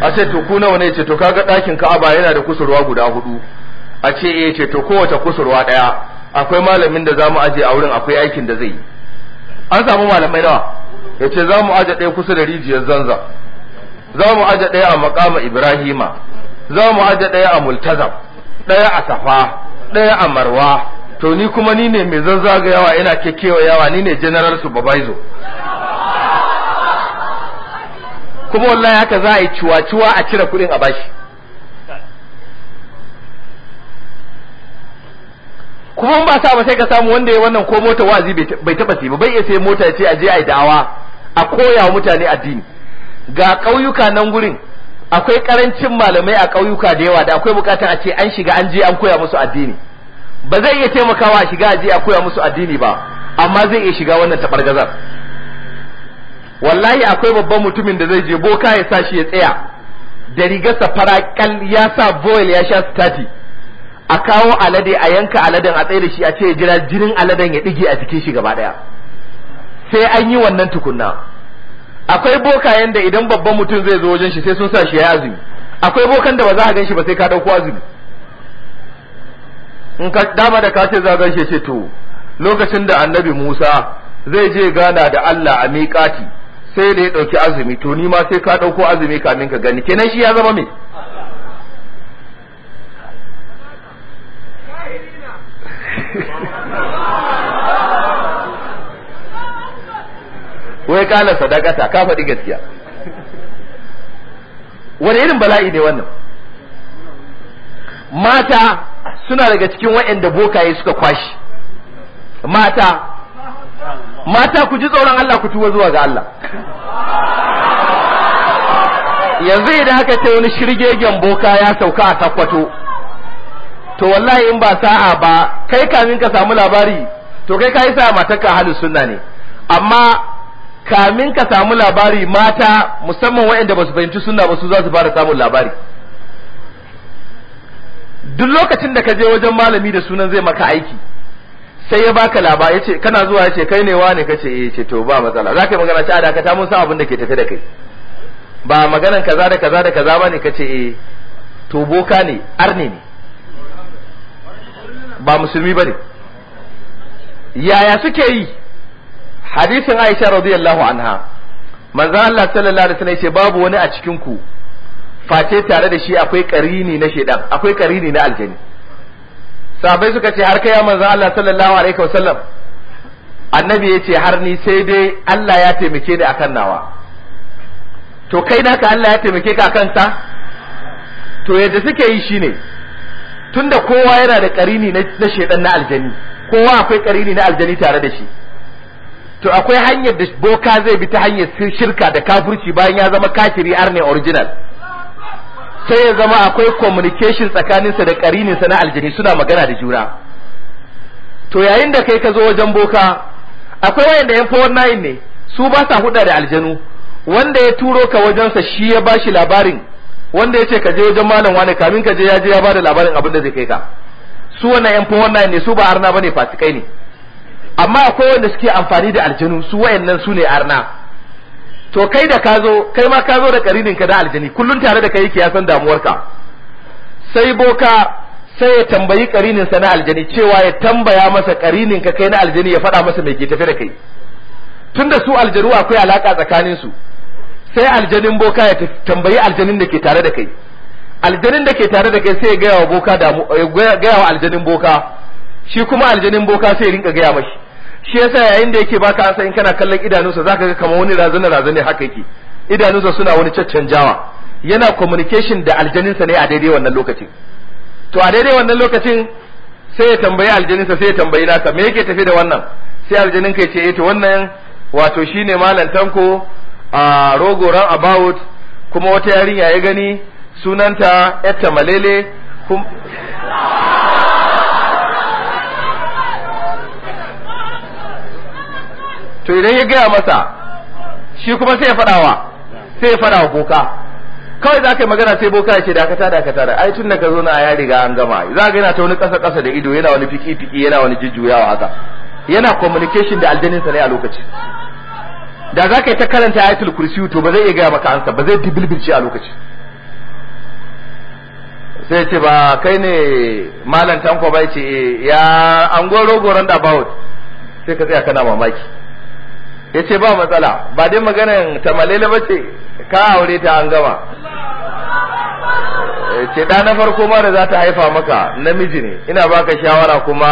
a ce to ku nawa ne ce to kaga ɗakin ka'aba yana da kusurwa guda hudu a ce eh, ce to kowace kusurwa ɗaya akwai malamin da zamu aje a wurin akwai aikin da zai yi an samu malamai nawa Ya ce za mu aje ɗaya kusa da rijiyar zanza mu aje ɗaya a makama ibrahima Za mu aje ɗaya a multazam ɗaya a safa ɗaya a marwa to ni kuma ni ne mai yawa ina kekewa yawa ni ne general supervisor kuma wallahi haka za a yi ciwa-ciwa a cire kuɗin a bashi kuma ba sa ba sai ka samu wanda ya wannan ko mota wazi bai taba sai ba bai iya sai mota ce aje je a yi dawa a koya wa mutane addini ga ƙauyuka nan gurin akwai karancin malamai a kauyuka da yawa da akwai bukata a ce an shiga an je an koya musu addini ba zai iya taimakawa a shiga a je a koya musu addini ba amma zai iya shiga wannan tabargazar wallahi akwai babban mutumin da zai je boka ya sa shi ya tsaya da rigarsa fara ya sa boil ya sha sitati. a kawo alade a yanka aladen a tsaye da shi a ce jira jinin aladen ya dige a cikin shi gaba daya sai an yi wannan tukunna akwai bokayen da idan babban mutum zai zo wajen shi sai sun sa shi ya azumi akwai bokan da ba za a gan shi ba sai ka dauko azumi in ka dama da ka ce za gan shi ce to lokacin da annabi Musa zai je gana da Allah a miƙati sai da ya ɗauki azumi to ni ma sai ka ɗauko azumi kamin ka gani kenan shi ya zama me wai kala sadakata ka faɗi gaskiya wani irin bala'i ne wannan mata suna daga cikin waɗanda bokaye suka kwashi mata mata ku ji tsoron Allah ku tuwa zuwa ga Allah yanzu idan aka ce wani shirgegen boka ya sauka a sakwato to wallahi in ba sa'a ba kai kamin ka samu labari to kai ka yi sa'a matarka halin sunna ne amma kamin ka samu labari mata musamman waɗanda ba su fahimci suna ba su za su fara samun labari duk lokacin da ka je wajen malami da sunan zai maka aiki sai ya baka labari ya ce kana zuwa ya ce kai ne wa ne ka ce eh ce to ba matsala za ka yi magana ce a dakata mun san abin da ke tafi da kai ba maganan kaza da kaza da kaza ba ne ka ce eh to boka ne arne ne ba musulmi ba ne yaya suke yi hadisin Aisha radiyallahu anha manzo Allah sallallahu alaihi wasallam yace babu wani a cikin ku face tare da shi akwai karini na shedan akwai karini na aljani sahabbai suka ce har kai manzo Allah sallallahu alaihi wasallam annabi yace har ni sai dai Allah ya taimake ni akan nawa to kai naka Allah ya taimake ka akan ta to yadda suke yi shine tunda kowa yana da karini na shedan na aljani kowa akwai karini na aljani tare da shi to akwai hanyar da boka zai bi ta hanyar shirka da kafirci bayan ya zama kafiri arne original sai ya zama akwai communication tsakaninsa da ƙarininsa na aljini suna magana da juna to yayin da kai ka zo wajen boka akwai wayanda yan fawon nayin ne su ba sa huda da aljanu wanda ya turo ka wajensa shi ya bashi labarin wanda ya ce ka je wajen malam wani kamin ka je ya je ya bada labarin abin da zai kai ka su wannan yan fawon nayin ne su ba arna ne fasikai ne amma akwai wanda suke amfani da aljanu su wayannan su ne arna to kai da ka zo kai ma ka zo da karinin ka da aljani kullun tare da kai yake ya san damuwarka sai boka sai ya tambayi karinin sa na aljani cewa ya tambaya masa karinin ka kai na aljani ya faɗa masa mai ke tafe da kai tunda su aljanu akwai alaka tsakanin su sai aljanin boka ya tambayi aljanin da ke tare da kai aljanin da ke tare da kai sai ya gaya wa boka da gaya wa aljanin boka shi kuma aljanin boka sai ya rinka gaya mashi shi yasa yayin da yake baka ansa in kana kallon idanunsa zaka ga kamar wani razana razane haka yake idanunsa suna wani caccan jawa yana communication da aljaninsa ne a daidai wannan lokacin to a daidai wannan lokacin sai ya tambayi aljaninsa sai ya tambayi naka me yake tafi da wannan sai aljanin ka ce eh, to wannan wato shine malam tanko a rogo ran about kuma wata yarinya ya gani sunanta etta malele kuma to idan ya gaya masa shi kuma sai ya fadawa sai ya fadawa boka kawai za ka yi magana sai boka ya ce dakata dakata da ai tun da ka zo na ya riga an gama za ka yana ta wani kasa kasa da ido yana wani fiki fiki yana wani jujjuyawa haka yana communication da aljanin sa ne a lokaci da za ka yi ta karanta ayatul kursi to ba zai iya gaya maka ansa ba zai dibilbilci a lokaci sai ce ba kai ne malam tanko bai ce eh, ya an goro goron da about sai ka tsaya kana mamaki yace ba matsala ba dai maganar ta malele ce ka aure ta an gama ce da na farko ma da za ta haifa maka namiji ne ina baka shawara kuma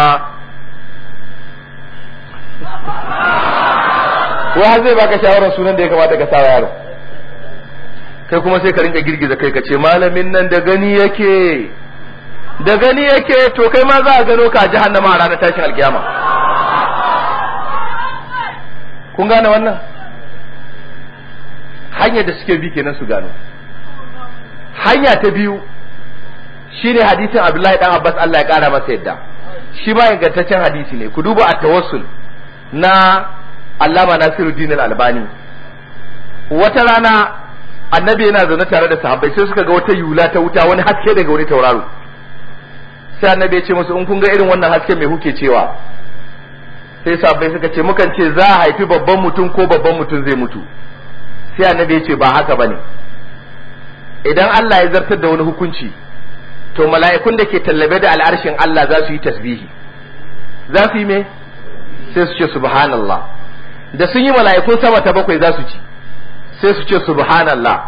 ko har zai baka shawarar sunan da ya kamata ka sa yaro kai kuma sai ka rinka girgiza kai ka ce malamin nan da gani yake da gani yake to kai ma za a gano ka jahannama a ranar tashin alkiyama kun gane wannan Hanya da suke bi kenan su gano hanya ta biyu shine hadisin Abdullahi dan Abbas Allah ya kara masa yadda shi ba ingantaccen hadisi ne ku duba a tawassul na Allama Nasiruddin Al-Albani wata rana annabi yana zaune tare da sahabbai sai suka ga wata yula ta wuta wani haske daga wani tauraro sai annabi ya ce musu in kun ga irin wannan haske mai huke cewa sai sabai suka ce mukan ce za a haifi babban mutum ko babban mutum zai mutu sai annabi ya ce ba haka bane idan Allah ya zartar da wani hukunci to mala'ikun da ke tallabe da al'arshin Allah za su yi tasbihi za su yi me sai su ce subhanallah da sun yi mala'ikun sama ta bakwai za su ci sai su ce subhanallah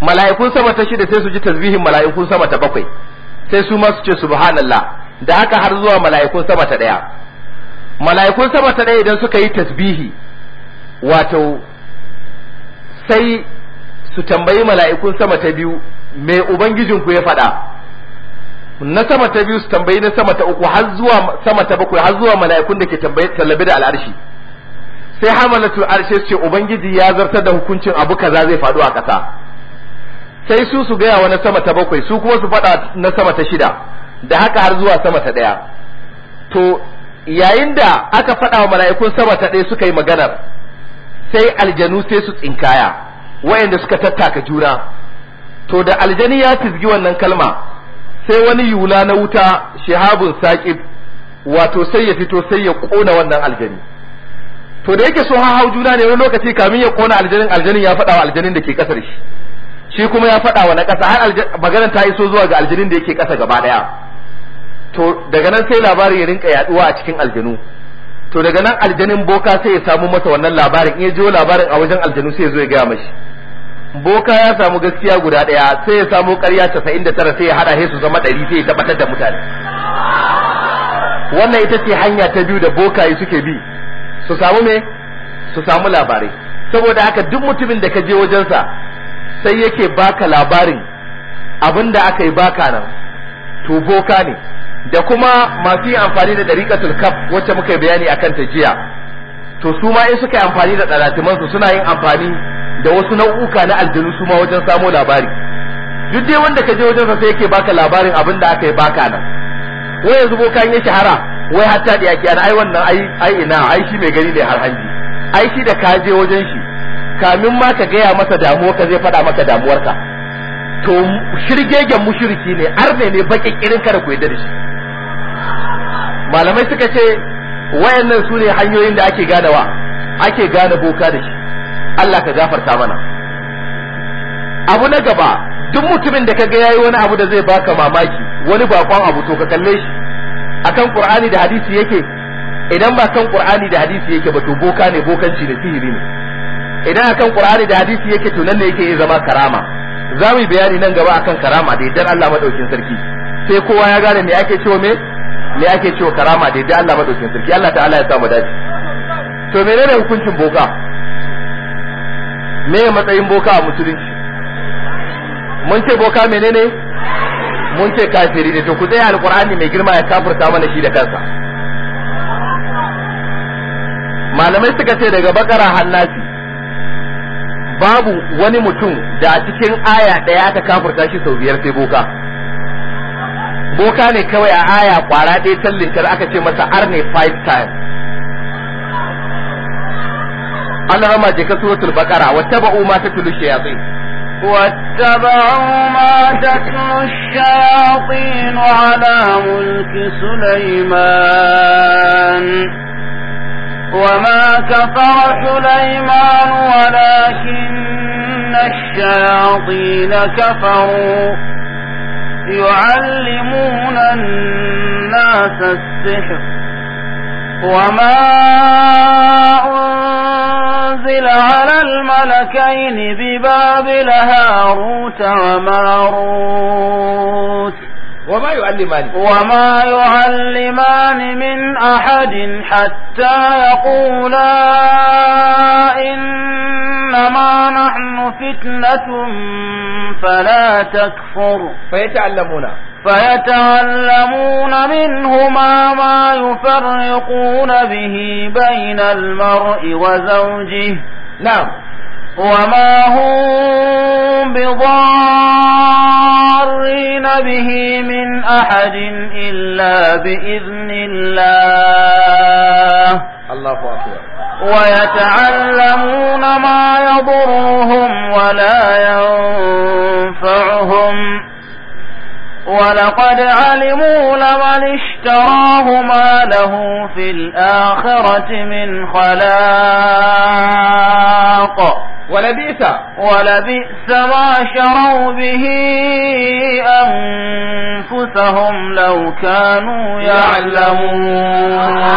mala'ikun sama ta shida sai su ji tasbihin mala'ikun sama ta bakwai sai su ma su ce subhanallah da haka har zuwa mala'ikun sama ta daya mala'ikun sama ta ɗaya idan suka yi tasbihi wato sai su tambayi mala'ikun sama ta biyu me ubangijinku ya faɗa na sama ta biyu su tambayi na sama ta uku har zuwa sama ta bakwai har zuwa mala'ikun da ke tambayi tallabi da al'arshi sai hamalatul arshi ce ubangiji ya zartar da hukuncin abu kaza zai faɗo a ƙasa sai su su gaya wa na sama ta bakwai su kuma su faɗa na sama ta shida da haka har zuwa sama ta ɗaya to yayin da aka faɗa wa mala'ikun sama ta ɗaya suka yi maganar sai aljanu sai su tsinkaya wayanda suka tattaka juna to da aljani ya fizgi wannan kalma sai wani yula na wuta shahabun saƙib wato sai ya fito sai ya ƙona wannan aljani to da yake so hau juna ne wani lokaci kamin ya ƙona aljanin aljanin ya faɗa wa aljanin da ke ƙasar shi shi kuma ya faɗa wa na ƙasa har maganar ta iso zuwa ga aljanin da yake ƙasa gaba ɗaya to daga nan sai labarin ya rinka yaduwa a cikin aljanu to daga nan aljanin boka sai ya samu masa wannan labarin in ya jiyo labarin a wajen aljanu sai ya zo ya gaya mashi boka ya samu gaskiya guda daya sai ya samu ƙarya tara sai ya hada su zama ɗari sai ya tabbatar da mutane wannan ita ce hanya ta biyu da bokaye suke bi su samu me su samu labarai saboda haka duk mutumin da ka je wajensa sai yake baka labarin abinda aka yi baka nan to boka ne da kuma masu yin amfani da dariqatul kaf wacce muka yi bayani akan ta jiya to su ma in suka yi amfani da ɗalatimansu su suna yin amfani da wasu nau'uka na aljanu su ma wajen samo labari duk dai wanda ka je wajen sa sai yake baka labarin abin da aka yi baka nan wai yanzu bokan ya shahara wai hatta da yaki ana ai wannan ai ai ina ai shi mai gari ne har hanji ai shi da ka je wajen shi kamin ma ka gaya masa damuwa ka zai faɗa maka damuwarka to shirgegen mushiriki ne arne ne baƙin irin kada ku yadda da shi malamai suka ce wayannan su ne hanyoyin da ake ganawa ake gane boka da shi Allah ka gafarta mana abu na gaba duk mutumin da kaga yayi wani abu da zai baka mamaki wani bakon abu to ka kalle shi akan qur'ani da hadisi yake idan ba kan qur'ani da hadisi yake ba to boka ne bokanci da sihiri ne idan akan qur'ani da hadisi yake to nan ne yake zama karama za mu yi bayani nan gaba akan karama da yaddan Allah madaukin sarki sai kowa ya gane me ake cewa me me ake cewa karama dai dai Allah madaukin sarki Allah ta'ala ya samu dace to menene hukuncin boka me matsayin boka a musulunci mun ce boka menene mun ce kafiri ne to ku tsaya alqur'ani mai girma ya kafirta mana shi da kansa malamai suka ce daga bakara hannasi babu wani mutum da a cikin aya ɗaya aka kafirta shi sau biyar sai boka boka ne kawai a aya kwara ɗaya da aka ce masa arne five times An rama je ka suratul baqara wattaba'u ma tatlu shayatin واتبعوا ما تتلو الشياطين على ملك سليمان وما كفر سليمان ولكن الشياطين كفروا يعلمون الناس السحر وما أنزل على الملكين ببابل هاروت وماروت وما يعلمان وما يعلمان من أحد حتى يقولا إنما نحن فتنة فلا تكفر فيتعلمون فيتعلمون منهما ما يفرقون به بين المرء وزوجه نعم وما هم بضارين به من أحد إلا بإذن الله الله أكبر ويتعلمون ما يضرهم ولا ينفعهم ولقد علموا لمن اشتراه ما له في الآخرة من خلاق ولبئس ولبئس ما شروا به أنفسهم لو كانوا يعلمون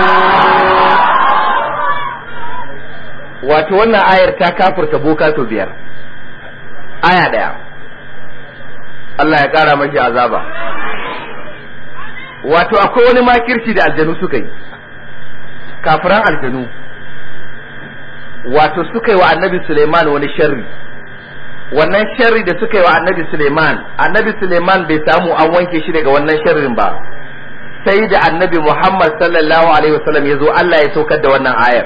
wato wannan ayar ta kafurta boka biyar aya ɗaya. Allah ya ƙara mashi azaba wato akwai wani makirci da aljanu suka yi kafiran aljanu wato suka yi wa annabi Suleiman wani sharri wannan sharri da suka yi wa annabi Suleiman annabi Suleiman bai samu an wanke shi daga wannan sharrin ba sai da annabi Muhammad sallallahu alaihi wasallam ya zo Allah ya saukar da wannan ayar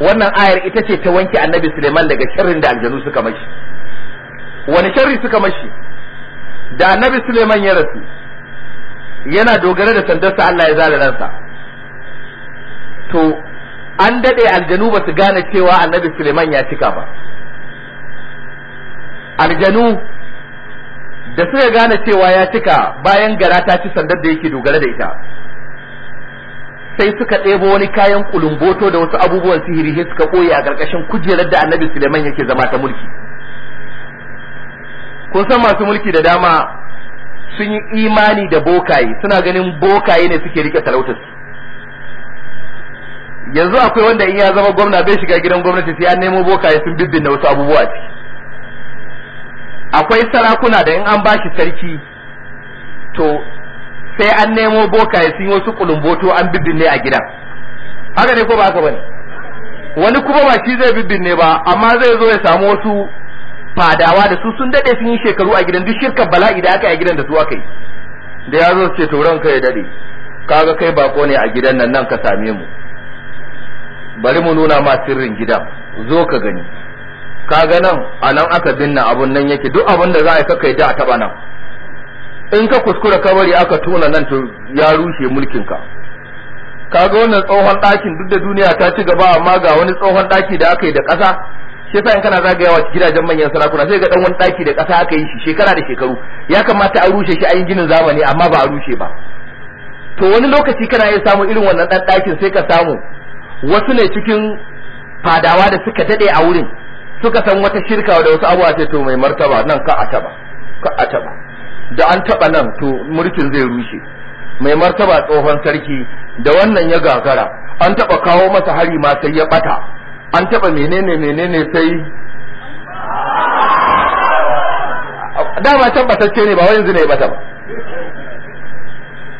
wannan ayar ita ce ta wanke annabi Suleiman daga sharrin da aljanu suka mashi wani sharri suka mashi da annabi Suleiman ya rasu yana dogara da sandarsa Allah ya zala ransa to an daɗe aljanu ba su gane cewa annabi Suleiman ya cika ba aljanu da suka gane cewa ya cika bayan gara ta ci sandar da yake dogara da ita sai suka ɗebo wani kayan kulumboto da wasu abubuwan sihiri sai suka ɓoye a ƙarƙashin kujerar da annabi Suleiman yake zama ta mulki kun san masu mulki da dama sun yi imani da bokaye suna ganin bokaye ne suke rike talautarsu yanzu akwai wanda in ya zama gwamna bai shiga gidan gwamnati sai an nemo bokaye sun bibbin da wasu abubuwa ce, akwai sarakuna da in an ba shi sarki to sai an nemo bokaye sun yi wasu kulumboto an bibbin ne a gidan haka ne ko ba haka bane wani kuma ba shi zai ne ba amma zai zo ya samu wasu fadawa da su sun dade sun yi shekaru a gidan duk shirkar bala'i da aka yi a gidan da su aka yi da ya zo ce to ranka ya dade kaga kai bako ne a gidan nan nan ka same mu bari mu nuna ma sirrin gidan zo ka gani ka ga nan a nan aka binne abun nan yake duk abun da za a kakai da a taba nan in ka kuskura kabari aka tona nan to ya rushe mulkin ka Ka ga wannan tsohon ɗakin duk da duniya ta ci gaba amma ga wani tsohon ɗaki da aka yi da ƙasa shi sa in kana zagayawa gidajen manyan sarakuna sai ga dan wani ɗaki da ƙasa aka yi shi shekara da shekaru ya kamata a rushe shi a yin ginin zamani amma ba a rushe ba to wani lokaci kana iya samu irin wannan ɗan ɗakin sai ka samu wasu ne cikin fadawa da suka dade a wurin suka san wata shirka da wasu abuwa ce to mai martaba nan ka ataba ka ataba da an taba nan to mulkin zai rushe mai martaba tsohon sarki da wannan ya gagara an taba kawo masa hari ma sai ya bata an taba menene menene sai dama tabbatacce ne ba wai yanzu ne ya bata ba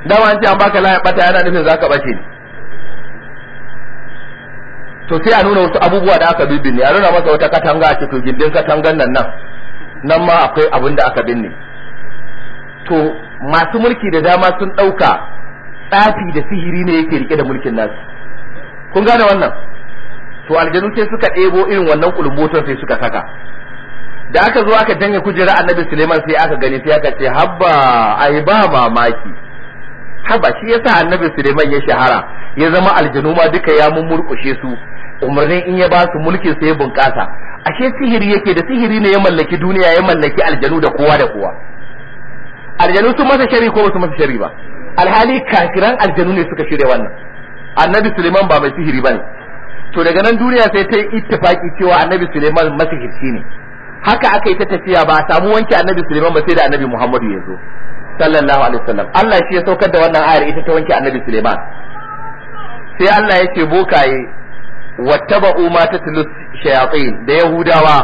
dama an ce an baka laya bata yana nufin zaka bace ne to sai a nuna wasu abubuwa da aka bibbinne a nuna masa wata katanga a ce to gindin katangan nan nan nan ma akwai abin da aka binne to masu mulki da dama sun ɗauka tsafi da sihiri ne yake rike da mulkin nasu kun gane wannan to aljanu sai suka ɗebo irin wannan kulumboton sai suka saka da aka zo aka janye kujera annabi suleiman sai aka gani sai aka ce habba ai ba mamaki haba shi yasa annabi suleiman ya shahara ya zama aljanu ma duka ya mummurkushe su umarnin in ya ba su mulkin sai ya bunƙasa ashe sihiri yake da sihiri ne ya mallaki duniya ya mallaki aljanu da kowa da kowa aljanu sun masa shari ko basu masa shari ba alhali kafiran aljanu ne suka shirya wannan annabi suleiman ba mai sihiri ba ne to daga nan duniya sai ta yi ittifaki cewa annabi suleiman masihirci ne haka aka yi ta tafiya ba a samu wanke annabi suleiman ba sai da annabi muhammadu ya zo sallallahu alaihi wasallam Allah shi ya saukar da wannan ayar ita ta wanke annabi suleiman sai Allah ya ce bokaye wattaba'u ma tulus shayatin da yahudawa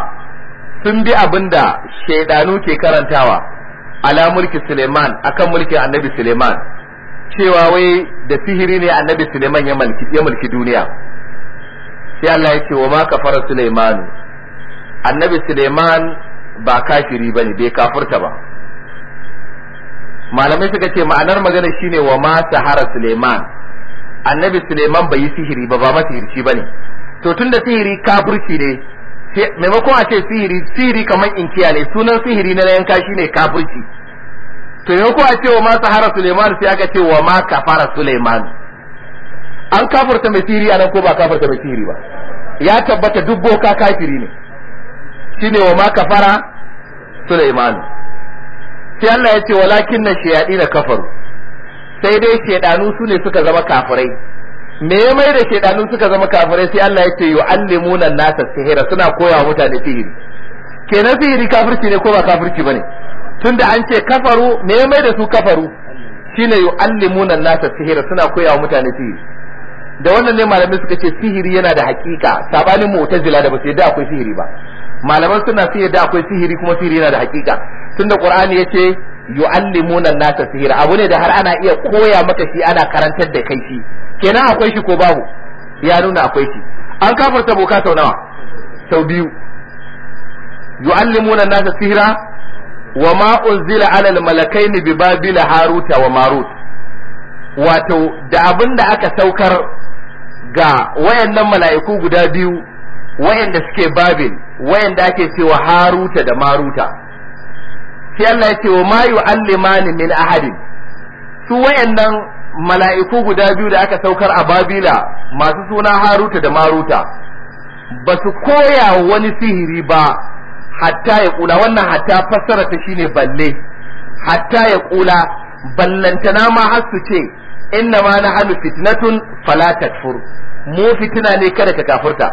sun bi abin da shaidanu ke karantawa ala mulki Suleiman akan mulkin annabi Suleiman cewa wai da sihiri ne annabi Suleiman ya mulki ya mulki duniya sai Allah ya ce wa ma kafara Suleiman annabi Suleiman ba kafiri bane bai kafurta ba malamai suka ce ma'anar magana shine wa ma sahara Suleiman annabi Suleiman bai yi sihiri ba ba masihirci ne to tun da sihiri kafirci ne maimakon a ce sihiri sihiri kamar inkiya ne sunan sihiri na yanka shine kafirci to yanko a ce wa ma sahara Suleiman sai aka ce wa ma kafara Suleiman an kafirta mai sihiri anan ko ba kafirta mai sihiri ba ya tabbata duk boka kafiri ne shine wa ma kafara Suleiman sai Allah ya ce walakin na shayadi na kafaru sai dai shedanu su ne suka zama kafirai me ya mai da shedanu suka zama kafirai sai Allah ya ce yu'allimuna nasa sihira suna koya mutane sihiri kenan sihiri kafirci ne ko ba kafirci bane tunda an ce kafaru me ya mai da su kafaru shine yu'allimuna nasa sihira suna koya mutane sihiri da wannan ne malamai suka ce sihiri yana da hakika sabanin mu'tazila da ba su yadda akwai sihiri ba malaman suna sai yadda akwai sihiri kuma sihiri yana da hakika tunda qur'ani yace yu'allimuna an-nasa sihira abu ne da har ana iya koya maka shi ana karantar da kai shi kenan akwai shi ko babu ya nuna akwai shi an kafarta boka sau nawa sau biyu yu'allimuna an-nasa sihira wa ma unzila 'ala al-malakaini bi babil haruta wa marut wato da abinda aka saukar ga wayannan mala'iku guda biyu wayanda suke babil wayanda ake cewa haruta da maruta sai Allah ya ce wa ma yu'allimani min ahadin su wayannan mala'iku guda biyu da aka saukar a Babila masu suna Haruta da Maruta ba su koya wani sihiri ba hatta ya kula wannan hatta fassara ta shine balle hatta ya kula ballantana ma har su ce inna ma nahnu fitnatun fala takfur mu fitina ne kada ka kafurta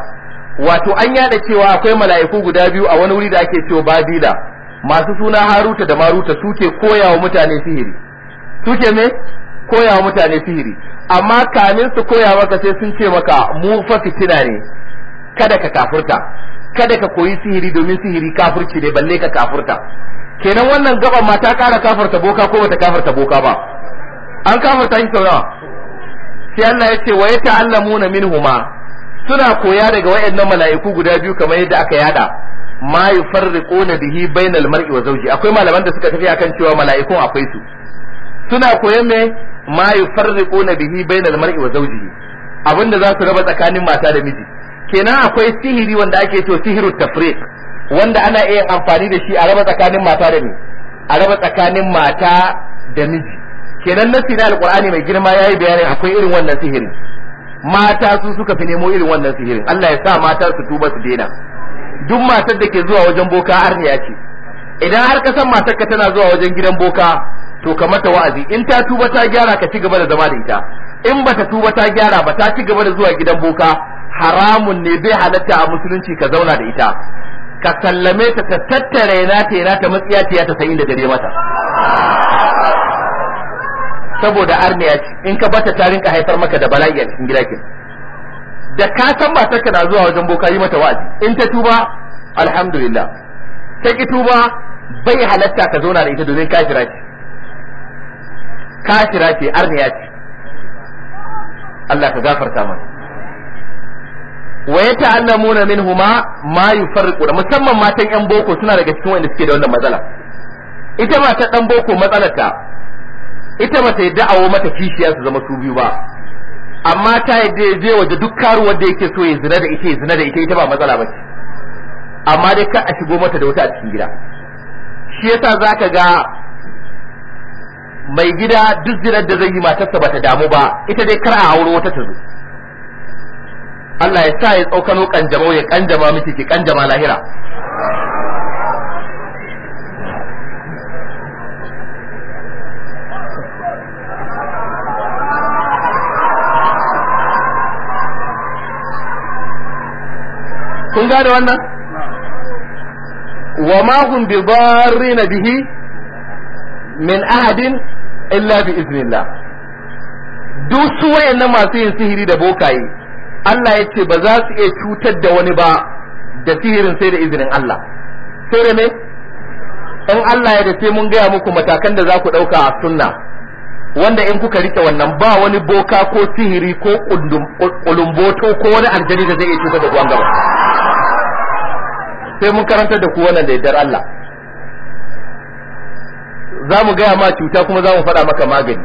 wato an yada cewa akwai mala'iku guda biyu a wani wuri da ake cewa Babila masu suna haruta da maruta suke koya wa mutane sihiri suke me koya wa mutane sihiri amma kamin su koya maka sai sun ce maka mu fa fitina ne kada ka kafurta kada ka koyi sihiri domin sihiri kafurci ne balle ka kafurta kenan wannan gaban ma ta kara kafurta boka ko bata kafurta boka ba an kafurta shi sau sai Allah ya ce wa min huma? suna koya daga wayannan mala'iku guda biyu kamar yadda aka yada ma yufarriquna bihi bainal mar'i wa zawji akwai malaman da suka tafi akan cewa mala'ikun akwai su suna koyan me ma yufarriquna bihi bainal mar'i wa zawji abinda za su raba tsakanin mata da miji kenan akwai sihiri wanda ake cewa sihiru tafriq wanda ana iya amfani da shi a raba tsakanin mata da miji a raba tsakanin mata da miji kenan nasi na alqur'ani mai girma yayi bayani akwai irin wannan sihirin mata su suka fi nemo irin wannan sihirin Allah ya sa mata su tuba su daina duk matar da ke zuwa wajen boka arniya ce idan har ka san matar ka tana zuwa wajen gidan boka to ka mata wa'azi in ta tuba ta gyara ka ci gaba da zama da ita in ba ta tuba ta gyara ba ta ci gaba da zuwa gidan boka haramun ne bai halatta a musulunci ka zauna da ita ka sallame ta ta tattare na ta na ta matsiya ta ta sayin da dare mata saboda arniya in ka bata ta rinka haifar maka da bala'i a cikin gida da ka san saka na zuwa wajen boka yi mata wa'azi in ta tuba alhamdulillah ta ki tuba bai halatta ka zauna da ita domin kafira ce kira ce arniya ce Allah ka gafarta mana wa yata'allamuna minhuma ma yufarriqu musamman matan yan boko suna daga cikin wanda suke da wannan matsala ita ma ta dan boko matsalarta ita mata ta yi da'awo mata kishiya su zama su biyu ba amma ta yi ya je waje duk karuwar da yake so ya zina da ita ya zina da ita ita ba matsala ba amma dai kar a shigo mata da wata a cikin gida shi yasa zaka ga mai gida duk zinar da zai yi matarsa ba ta damu ba ita dai kar a auro wata ta zo Allah ya sa ya tsokano kanjamau ya kanjama miki ki kanjama lahira kun gane wannan wa ma hum bi darrina bihi min ahadin illa bi iznillah duk su wayanna masu yin sihiri da bokaye Allah ya ce ba za su iya cutar da wani ba da sihirin sai da izinin Allah sai da ne in Allah ya dace mun gaya muku matakan da za ku ɗauka a sunna wanda in kuka rike wannan ba wani boka ko sihiri ko ƙulumboto ko wani aljani da zai iya cutar da ku gaba sai mun karantar da ku wannan da yardar Allah za mu gaya ma cuta kuma za mu faɗa maka magani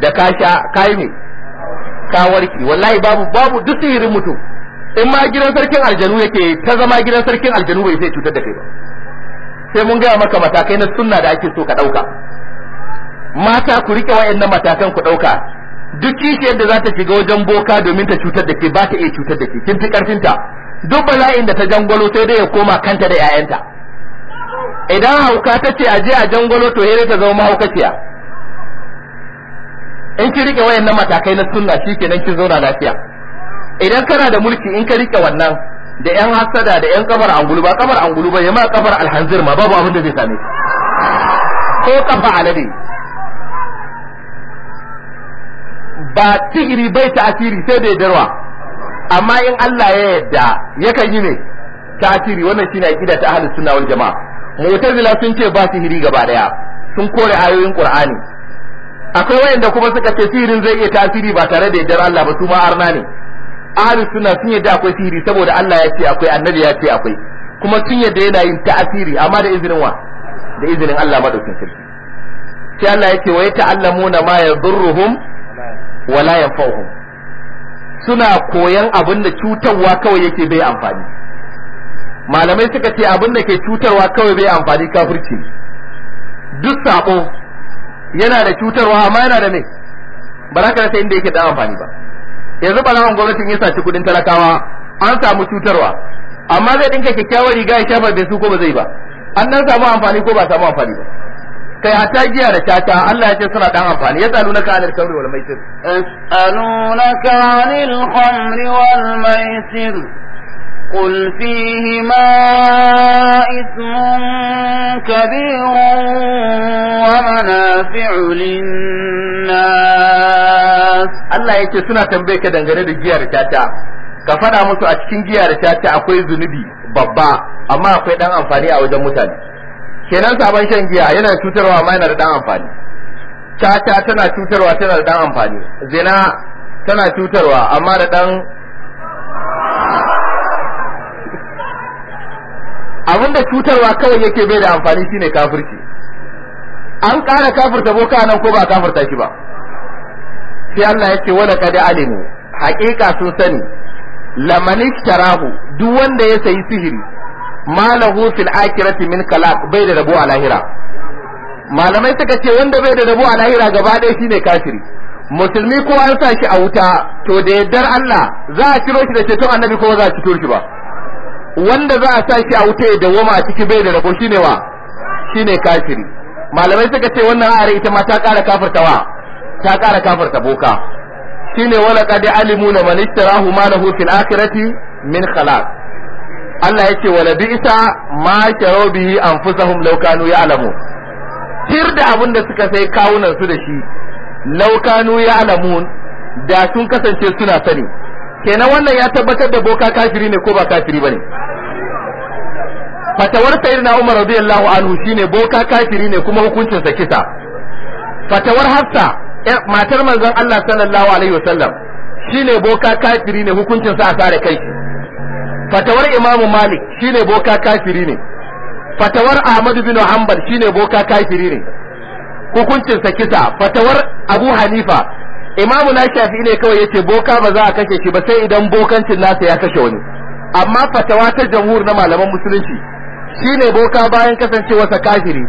da ka sha kai ne ka warki wallahi babu babu duk sihirin mutum in ma gidan sarkin aljanu yake ta zama gidan sarkin aljanu bai sai cutar da kai ba sai mun gaya maka matakai na sunna da ake so ka ɗauka mata ku riƙe wa'annan matakan ku ɗauka duk kishiyar da za ta shiga wajen boka domin ta cutar da ke ba ta iya cutar da ke kin fi karfinta duk bala'in da ta jangwalo sai dai ya koma kanta da 'ya'yanta idan hauka ta ce aje a jangwalo to sai ta zama mahaukaciya in ki rike wayannan matakai na sunna shikenan ki zauna lafiya idan kana da mulki in ka rike wannan da yan hasada da yan kabar angulu ba kabar angulu ba ya ma kabar alhanzir ma babu abin da zai same ko kafa alade ba tigiri bai ta asiri sai da darwa amma in Allah ya yarda yakan yi ne tasiri wannan shine aqida ta ahlus sunna wal jamaa mu'tazila sun ce ba sihiri gaba daya sun kore ayoyin qur'ani akwai wayanda kuma suka ce sihirin zai iya tasiri ba tare da yaddar Allah ba su ma arna ne ahlus sunna sun yarda akwai sihiri saboda Allah ya ce akwai annabi ya ce akwai kuma sun yarda yana yin tasiri amma da izinin wa da izinin Allah madaukin sarki sai Allah ya ce wa ta'allamuna ma yadurruhum wala yanfa'uhum suna koyan abin da cutarwa kawai yake bai amfani malamai suka ce abin da ke cutarwa kawai bai amfani kafirci duk sako yana da cutarwa amma yana da me ba za ka rasa inda yake da amfani ba yanzu balawan gwamnatin ya saci kudin talakawa an samu cutarwa amma zai dinka kyakkyawar riga ya shafar bai su ko ba zai ba an dan samu amfani ko ba samu amfani ba Yata giya da tata, Allah ya ce suna ɗan amfani, yadda a nuna ka aida da taurin wani mai sirri. A na. Allah ya ce suna tambaye ka dangane da jiya da tata, ka faɗa musu a cikin giya da tata akwai zunubi, babba, amma akwai ɗan amfani a wajen mutane. kenan sabon shan giya yana cutarwa ma yana da dan amfani caca tana cutarwa tana da dan amfani zina tana cutarwa amma da dan abinda cutarwa kawai yake bai da amfani shine kafirci an ƙara kafirta boka nan ko ba kafirta shi ba sai Allah ya ce wala kad alimu Hakika sun sani lamani sharahu duk wanda ya sayi sihiri malahu fil akhirati min kalaq bai da rabo a lahira malamai suka ce wanda bai da rabo a lahira gaba ɗaya shine kafiri musulmi ko an sa shi a wuta to da yaddar Allah za a ciro shi da ceton annabi ko za a ciro shi ba wanda za a sa shi a wuta ya dawoma a ciki bai da rabo shine wa shine kafiri malamai suka ce wannan ayar ita ma ta ƙara wa? ta ƙara kafirta boka shine wala qad alimu na man ishtarahu malahu fil akhirati min khalaq Allah ya ce bi Isa ma karo bihi anfusahum law kanu ya'lamu tir da abin da suka sai kawunan su da shi law kanu ya'lamun da sun kasance suna sani kenan wannan ya tabbatar da boka kafiri ne ko ba kafiri bane fatawar sayyidina Umar radiyallahu anhu shine boka kafiri ne kuma hukuncin sa kisa fatawar Hafsa eh, matar manzon Allah sallallahu alaihi wasallam shine boka kafiri ne hukuncin sa a sare kai fatawar imamu malik shine boka kafiri ne fatawar ahmadu bin hanbal shine boka kafiri ne hukuncinsa kisa fatawar abu hanifa imamu na shafi ne kawai yace boka ba za a kashe shi ba sai idan bokancin nasa ya kashe wani amma fatawa ta jamhur na malaman musulunci shine boka bayan sa kafiri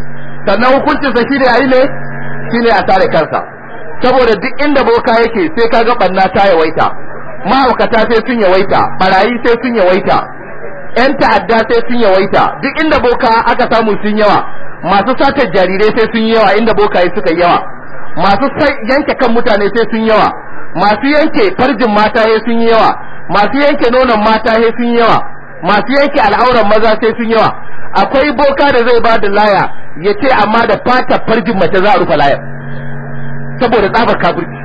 sannan hukuncinsa shine ayi ne shine a tare kansa saboda duk inda boka yake sai kaga banna ta yawaita ma'aukata sai sun yawaita barayi sai sun yawaita yan ta'adda sai sun yawaita duk inda boka aka samu sun yawa masu satar jarirai sai sun yawa inda bokaye suka yawa masu yanke kan mutane sai sun yawa masu yanke farjin mata sai sun yawa masu yanke nonon mata sai sun yawa masu yanke al'auran maza sai sun yawa akwai boka da zai ba da laya ya ce amma da fata farjin mace za a rufe layar saboda tsabar kafirci